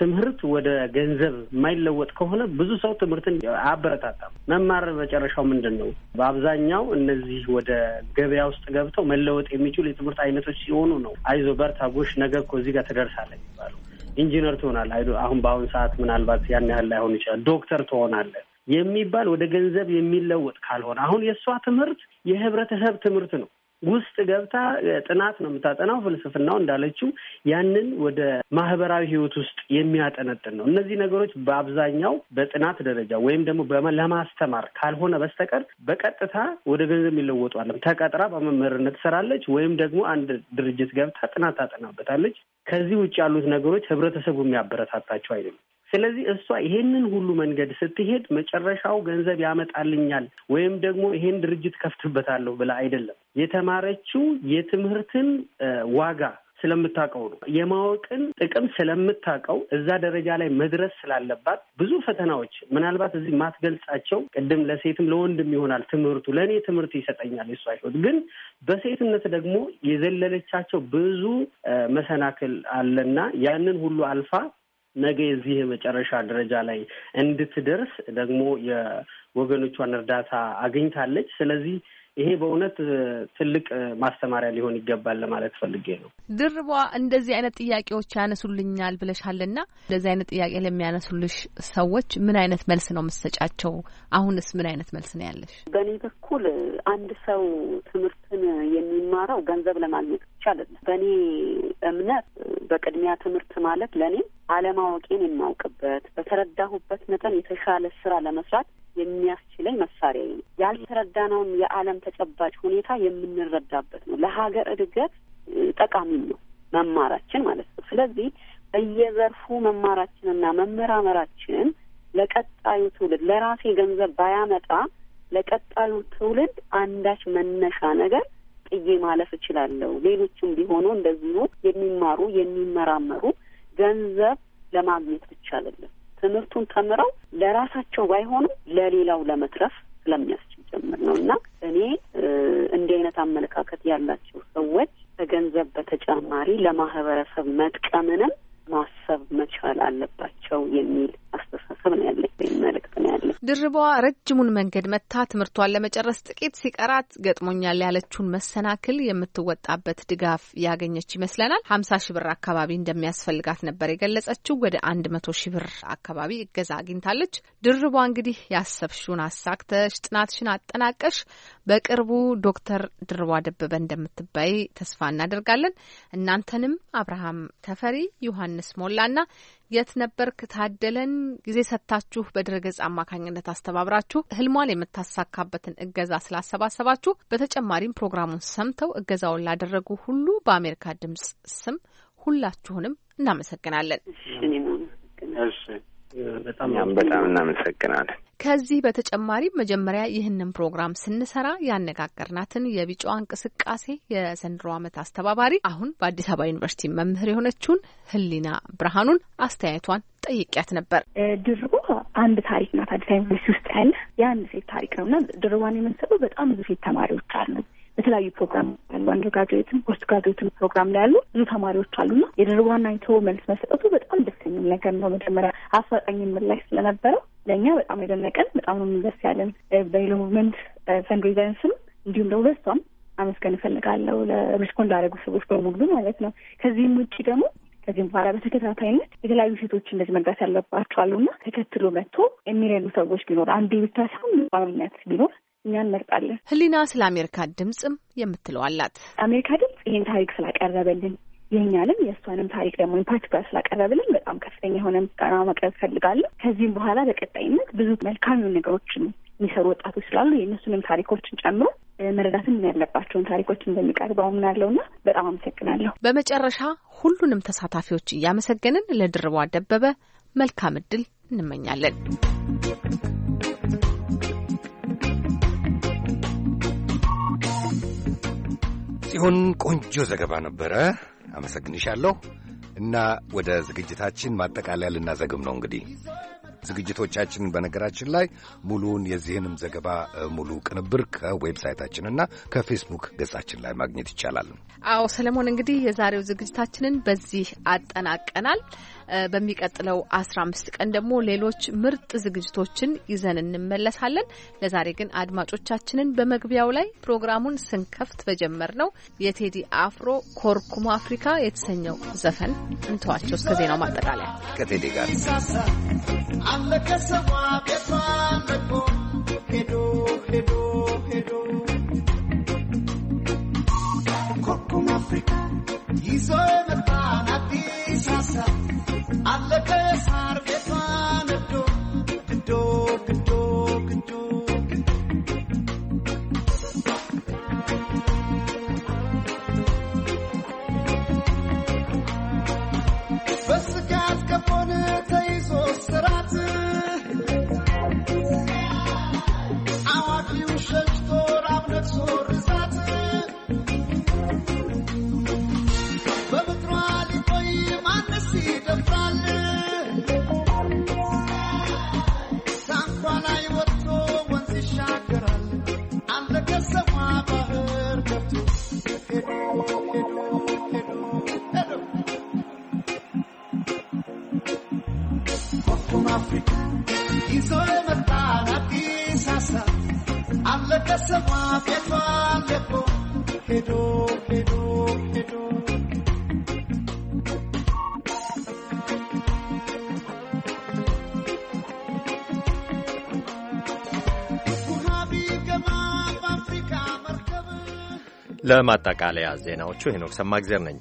ትምህርት ወደ ገንዘብ የማይለወጥ ከሆነ ብዙ ሰው ትምህርትን አያበረታታም። መማር መጨረሻው ምንድን ነው? በአብዛኛው እነዚህ ወደ ገበያ ውስጥ ገብተው መለወጥ የሚችሉ የትምህርት አይነቶች ሲሆኑ ነው። አይዞ በርታ፣ ጎሽ፣ ነገ እኮ እዚህ ጋር ትደርሳለህ የሚባለው ኢንጂነር ትሆናለህ። አሁን በአሁኑ ሰዓት ምናልባት ያን ያህል ላይሆን ይችላል። ዶክተር ትሆናለህ። የሚባል ወደ ገንዘብ የሚለወጥ ካልሆነ አሁን የእሷ ትምህርት የህብረተሰብ ትምህርት ነው። ውስጥ ገብታ ጥናት ነው የምታጠናው። ፍልስፍናው እንዳለችው ያንን ወደ ማህበራዊ ህይወት ውስጥ የሚያጠነጥን ነው። እነዚህ ነገሮች በአብዛኛው በጥናት ደረጃ ወይም ደግሞ ለማስተማር ካልሆነ በስተቀር በቀጥታ ወደ ገንዘብ የሚለወጡ አለም። ተቀጥራ በመምህርነት ትሰራለች፣ ወይም ደግሞ አንድ ድርጅት ገብታ ጥናት ታጠናበታለች። ከዚህ ውጭ ያሉት ነገሮች ህብረተሰቡ የሚያበረታታቸው አይደለም። ስለዚህ እሷ ይሄንን ሁሉ መንገድ ስትሄድ መጨረሻው ገንዘብ ያመጣልኛል ወይም ደግሞ ይሄን ድርጅት ከፍትበታለሁ ብላ አይደለም። የተማረችው የትምህርትን ዋጋ ስለምታውቀው ነው። የማወቅን ጥቅም ስለምታውቀው እዛ ደረጃ ላይ መድረስ ስላለባት ብዙ ፈተናዎች ምናልባት እዚህ ማትገልጻቸው ቅድም ለሴትም ለወንድም ይሆናል ትምህርቱ ለእኔ ትምህርት ይሰጠኛል የሷ ግን በሴትነት ደግሞ የዘለለቻቸው ብዙ መሰናክል አለና ያንን ሁሉ አልፋ ነገ የዚህ የመጨረሻ ደረጃ ላይ እንድትደርስ ደግሞ የወገኖቿን እርዳታ አግኝታለች። ስለዚህ ይሄ በእውነት ትልቅ ማስተማሪያ ሊሆን ይገባል ለማለት ፈልጌ ነው። ድርቧ እንደዚህ አይነት ጥያቄዎች ያነሱልኛል ብለሻልና እንደዚህ አይነት ጥያቄ ለሚያነሱልሽ ሰዎች ምን አይነት መልስ ነው የምትሰጫቸው? አሁንስ ምን አይነት መልስ ነው ያለሽ? በእኔ በኩል አንድ ሰው ትምህርትን የሚማረው ገንዘብ ለማግኘት አይደለም። በእኔ እምነት በቅድሚያ ትምህርት ማለት ለእኔ አለማወቄን የማውቅበት በተረዳሁበት መጠን የተሻለ ስራ ለመስራት የሚያስችለኝ መሳሪያ ነው። ያልተረዳነውን የዓለም ተጨባጭ ሁኔታ የምንረዳበት ነው። ለሀገር እድገት ጠቃሚም ነው መማራችን ማለት ነው። ስለዚህ በየዘርፉ መማራችንና መመራመራችን ለቀጣዩ ትውልድ ለራሴ ገንዘብ ባያመጣ ለቀጣዩ ትውልድ አንዳች መነሻ ነገር ጥዬ ማለፍ እችላለሁ። ሌሎችም ቢሆኑ እንደዚሁ የሚማሩ የሚመራመሩ ገንዘብ ለማግኘት ብቻ አይደለም ትምህርቱን ተምረው ለራሳቸው ባይሆንም ለሌላው ለመትረፍ ስለሚያስችል ጀምር ነው እና እኔ እንዲህ አይነት አመለካከት ያላቸው ሰዎች ከገንዘብ በተጨማሪ ለማህበረሰብ መጥቀምንም ማሰብ መቻል አለባቸው የሚል አስተሳሰብ ነው ያለኝ፣ ወይም መልእክት ነው ያለኝ። ድርቧ ረጅሙን መንገድ መታ ትምህርቷን ለመጨረስ ጥቂት ሲቀራት ገጥሞኛል ያለችውን መሰናክል የምትወጣበት ድጋፍ ያገኘች ይመስለናል። ሀምሳ ሺ ብር አካባቢ እንደሚያስፈልጋት ነበር የገለጸችው። ወደ አንድ መቶ ሺ ብር አካባቢ እገዛ አግኝታለች። ድርቧ እንግዲህ ያሰብሽውን አሳክተሽ ጥናትሽን አጠናቀሽ በቅርቡ ዶክተር ድርቧ ደበበ እንደምትባይ ተስፋ እናደርጋለን። እናንተንም አብርሃም ተፈሪ ዮሐን ዮሐንስ ሞላና የት ነበርክ ታደለን ጊዜ ሰጥታችሁ በድረገጽ አማካኝነት አስተባብራችሁ ህልሟን የምታሳካበትን እገዛ ስላሰባሰባችሁ በተጨማሪም ፕሮግራሙን ሰምተው እገዛውን ላደረጉ ሁሉ በአሜሪካ ድምጽ ስም ሁላችሁንም እናመሰግናለን። በጣም በጣም እናመሰግናለን። ከዚህ በተጨማሪ መጀመሪያ ይህንን ፕሮግራም ስንሰራ ያነጋገርናትን የቢጫዋ እንቅስቃሴ የዘንድሮ ዓመት አስተባባሪ አሁን በአዲስ አበባ ዩኒቨርሲቲ መምህር የሆነችውን ህሊና ብርሃኑን አስተያየቷን ጠይቂያት ነበር። ድርቧ አንድ ታሪክ ናት አዲስ ዩኒቨርሲቲ ውስጥ ያለ የአንድ ሴት ታሪክ ነው እና ድርቧን የመሰሉ በጣም ብዙ ሴት ተማሪዎች አሉ የተለያዩ ፕሮግራም ያሉ አንደር ግራጁዌትም ፖስት ግራጁዌትም ፕሮግራም ላይ ያሉ ብዙ ተማሪዎች አሉና የድርብ ዋናኝቶ መልስ መሰጠቱ በጣም ደስ የሚል ነገር ነው። መጀመሪያ አፋጣኝ ምላሽ ስለነበረው ለእኛ በጣም የደነቀን በጣም ነው ደስ ያለን። በሌሎ ሙቭመንት ፈንድሬዘንስም እንዲሁም ደግሞ በሷም አመስገን እፈልጋለሁ ለሪስፖንድ ላደረጉ ሰዎች በሙሉ ማለት ነው። ከዚህም ውጭ ደግሞ ከዚህም በኋላ በተከታታይነት የተለያዩ ሴቶች እንደዚህ መርዳት ያለባቸው አሉና ተከትሎ መጥቶ የሚረዱ ሰዎች ቢኖር አንዱ ብቻ ሳይሆን ቋሚነት ቢኖር እኛ እንመርጣለን። ህሊና ስለ አሜሪካ ድምፅም የምትለው አላት። አሜሪካ ድምፅ ይህን ታሪክ ስላቀረበልን የእኛንም የእሷንም ታሪክ ደግሞ ፓርቲኩላር ስላቀረብልን በጣም ከፍተኛ የሆነ ምስጋና መቅረብ እፈልጋለሁ። ከዚህም በኋላ በቀጣይነት ብዙ መልካም ነገሮችን የሚሰሩ ወጣቶች ስላሉ የእነሱንም ታሪኮችን ጨምሮ መረዳትም ያለባቸውን ታሪኮች እንደሚቀርበው ምናለውና በጣም አመሰግናለሁ። በመጨረሻ ሁሉንም ተሳታፊዎች እያመሰገንን ለድርቧ ደበበ መልካም እድል እንመኛለን። ጽዮን ቆንጆ ዘገባ ነበረ። አመሰግንሻለሁ። እና ወደ ዝግጅታችን ማጠቃለያ ልናዘግም ነው እንግዲህ ዝግጅቶቻችንን በነገራችን ላይ ሙሉውን የዚህንም ዘገባ ሙሉ ቅንብር ከዌብሳይታችንና ከፌስቡክ ገጻችን ላይ ማግኘት ይቻላል። አዎ ሰለሞን፣ እንግዲህ የዛሬው ዝግጅታችንን በዚህ አጠናቀናል። በሚቀጥለው አስራ አምስት ቀን ደግሞ ሌሎች ምርጥ ዝግጅቶችን ይዘን እንመለሳለን። ለዛሬ ግን አድማጮቻችንን በመግቢያው ላይ ፕሮግራሙን ስንከፍት በጀመር ነው የቴዲ አፍሮ ኮርኩሞ አፍሪካ የተሰኘው ዘፈን እንተዋቸው እስከ ዜናው ማጠቃለያ ከቴዲ ጋር Africa, he's Allakee saarbeeffaan iddoo iddoo iddoo. ለማጠቃለያ ዜናዎቹ ሄኖክ ሰማግዜር ነኝ።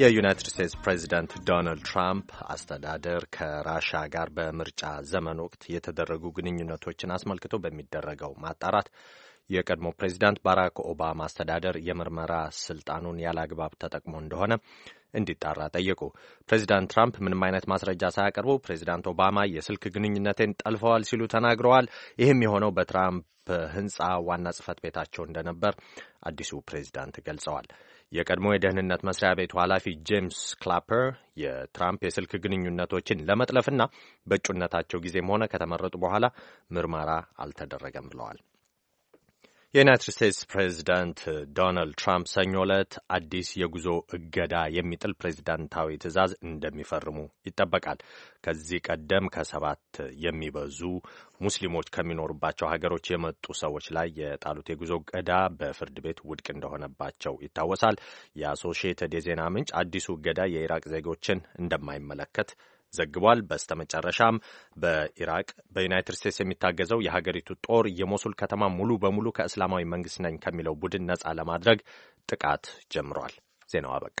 የዩናይትድ ስቴትስ ፕሬዚዳንት ዶናልድ ትራምፕ አስተዳደር ከራሻ ጋር በምርጫ ዘመን ወቅት የተደረጉ ግንኙነቶችን አስመልክቶ በሚደረገው ማጣራት የቀድሞ ፕሬዚዳንት ባራክ ኦባማ አስተዳደር የምርመራ ስልጣኑን ያለ አግባብ ተጠቅሞ እንደሆነ እንዲጣራ ጠየቁ። ፕሬዚዳንት ትራምፕ ምንም አይነት ማስረጃ ሳያቀርቡ ፕሬዚዳንት ኦባማ የስልክ ግንኙነቴን ጠልፈዋል ሲሉ ተናግረዋል። ይህም የሆነው በትራምፕ ህንፃ ዋና ጽህፈት ቤታቸው እንደነበር አዲሱ ፕሬዚዳንት ገልጸዋል። የቀድሞ የደህንነት መስሪያ ቤቱ ኃላፊ ጄምስ ክላፐር የትራምፕ የስልክ ግንኙነቶችን ለመጥለፍና በእጩነታቸው ጊዜም ሆነ ከተመረጡ በኋላ ምርመራ አልተደረገም ብለዋል። የዩናይትድ ስቴትስ ፕሬዚዳንት ዶናልድ ትራምፕ ሰኞ ዕለት አዲስ የጉዞ እገዳ የሚጥል ፕሬዚዳንታዊ ትዕዛዝ እንደሚፈርሙ ይጠበቃል። ከዚህ ቀደም ከሰባት የሚበዙ ሙስሊሞች ከሚኖሩባቸው ሀገሮች የመጡ ሰዎች ላይ የጣሉት የጉዞ እገዳ በፍርድ ቤት ውድቅ እንደሆነባቸው ይታወሳል። የአሶሺየትድ የዜና ምንጭ አዲሱ እገዳ የኢራቅ ዜጎችን እንደማይመለከት ዘግቧል። በስተመጨረሻም በኢራቅ በዩናይትድ ስቴትስ የሚታገዘው የሀገሪቱ ጦር የሞሱል ከተማ ሙሉ በሙሉ ከእስላማዊ መንግስት ነኝ ከሚለው ቡድን ነጻ ለማድረግ ጥቃት ጀምሯል። ዜናው አበቃ።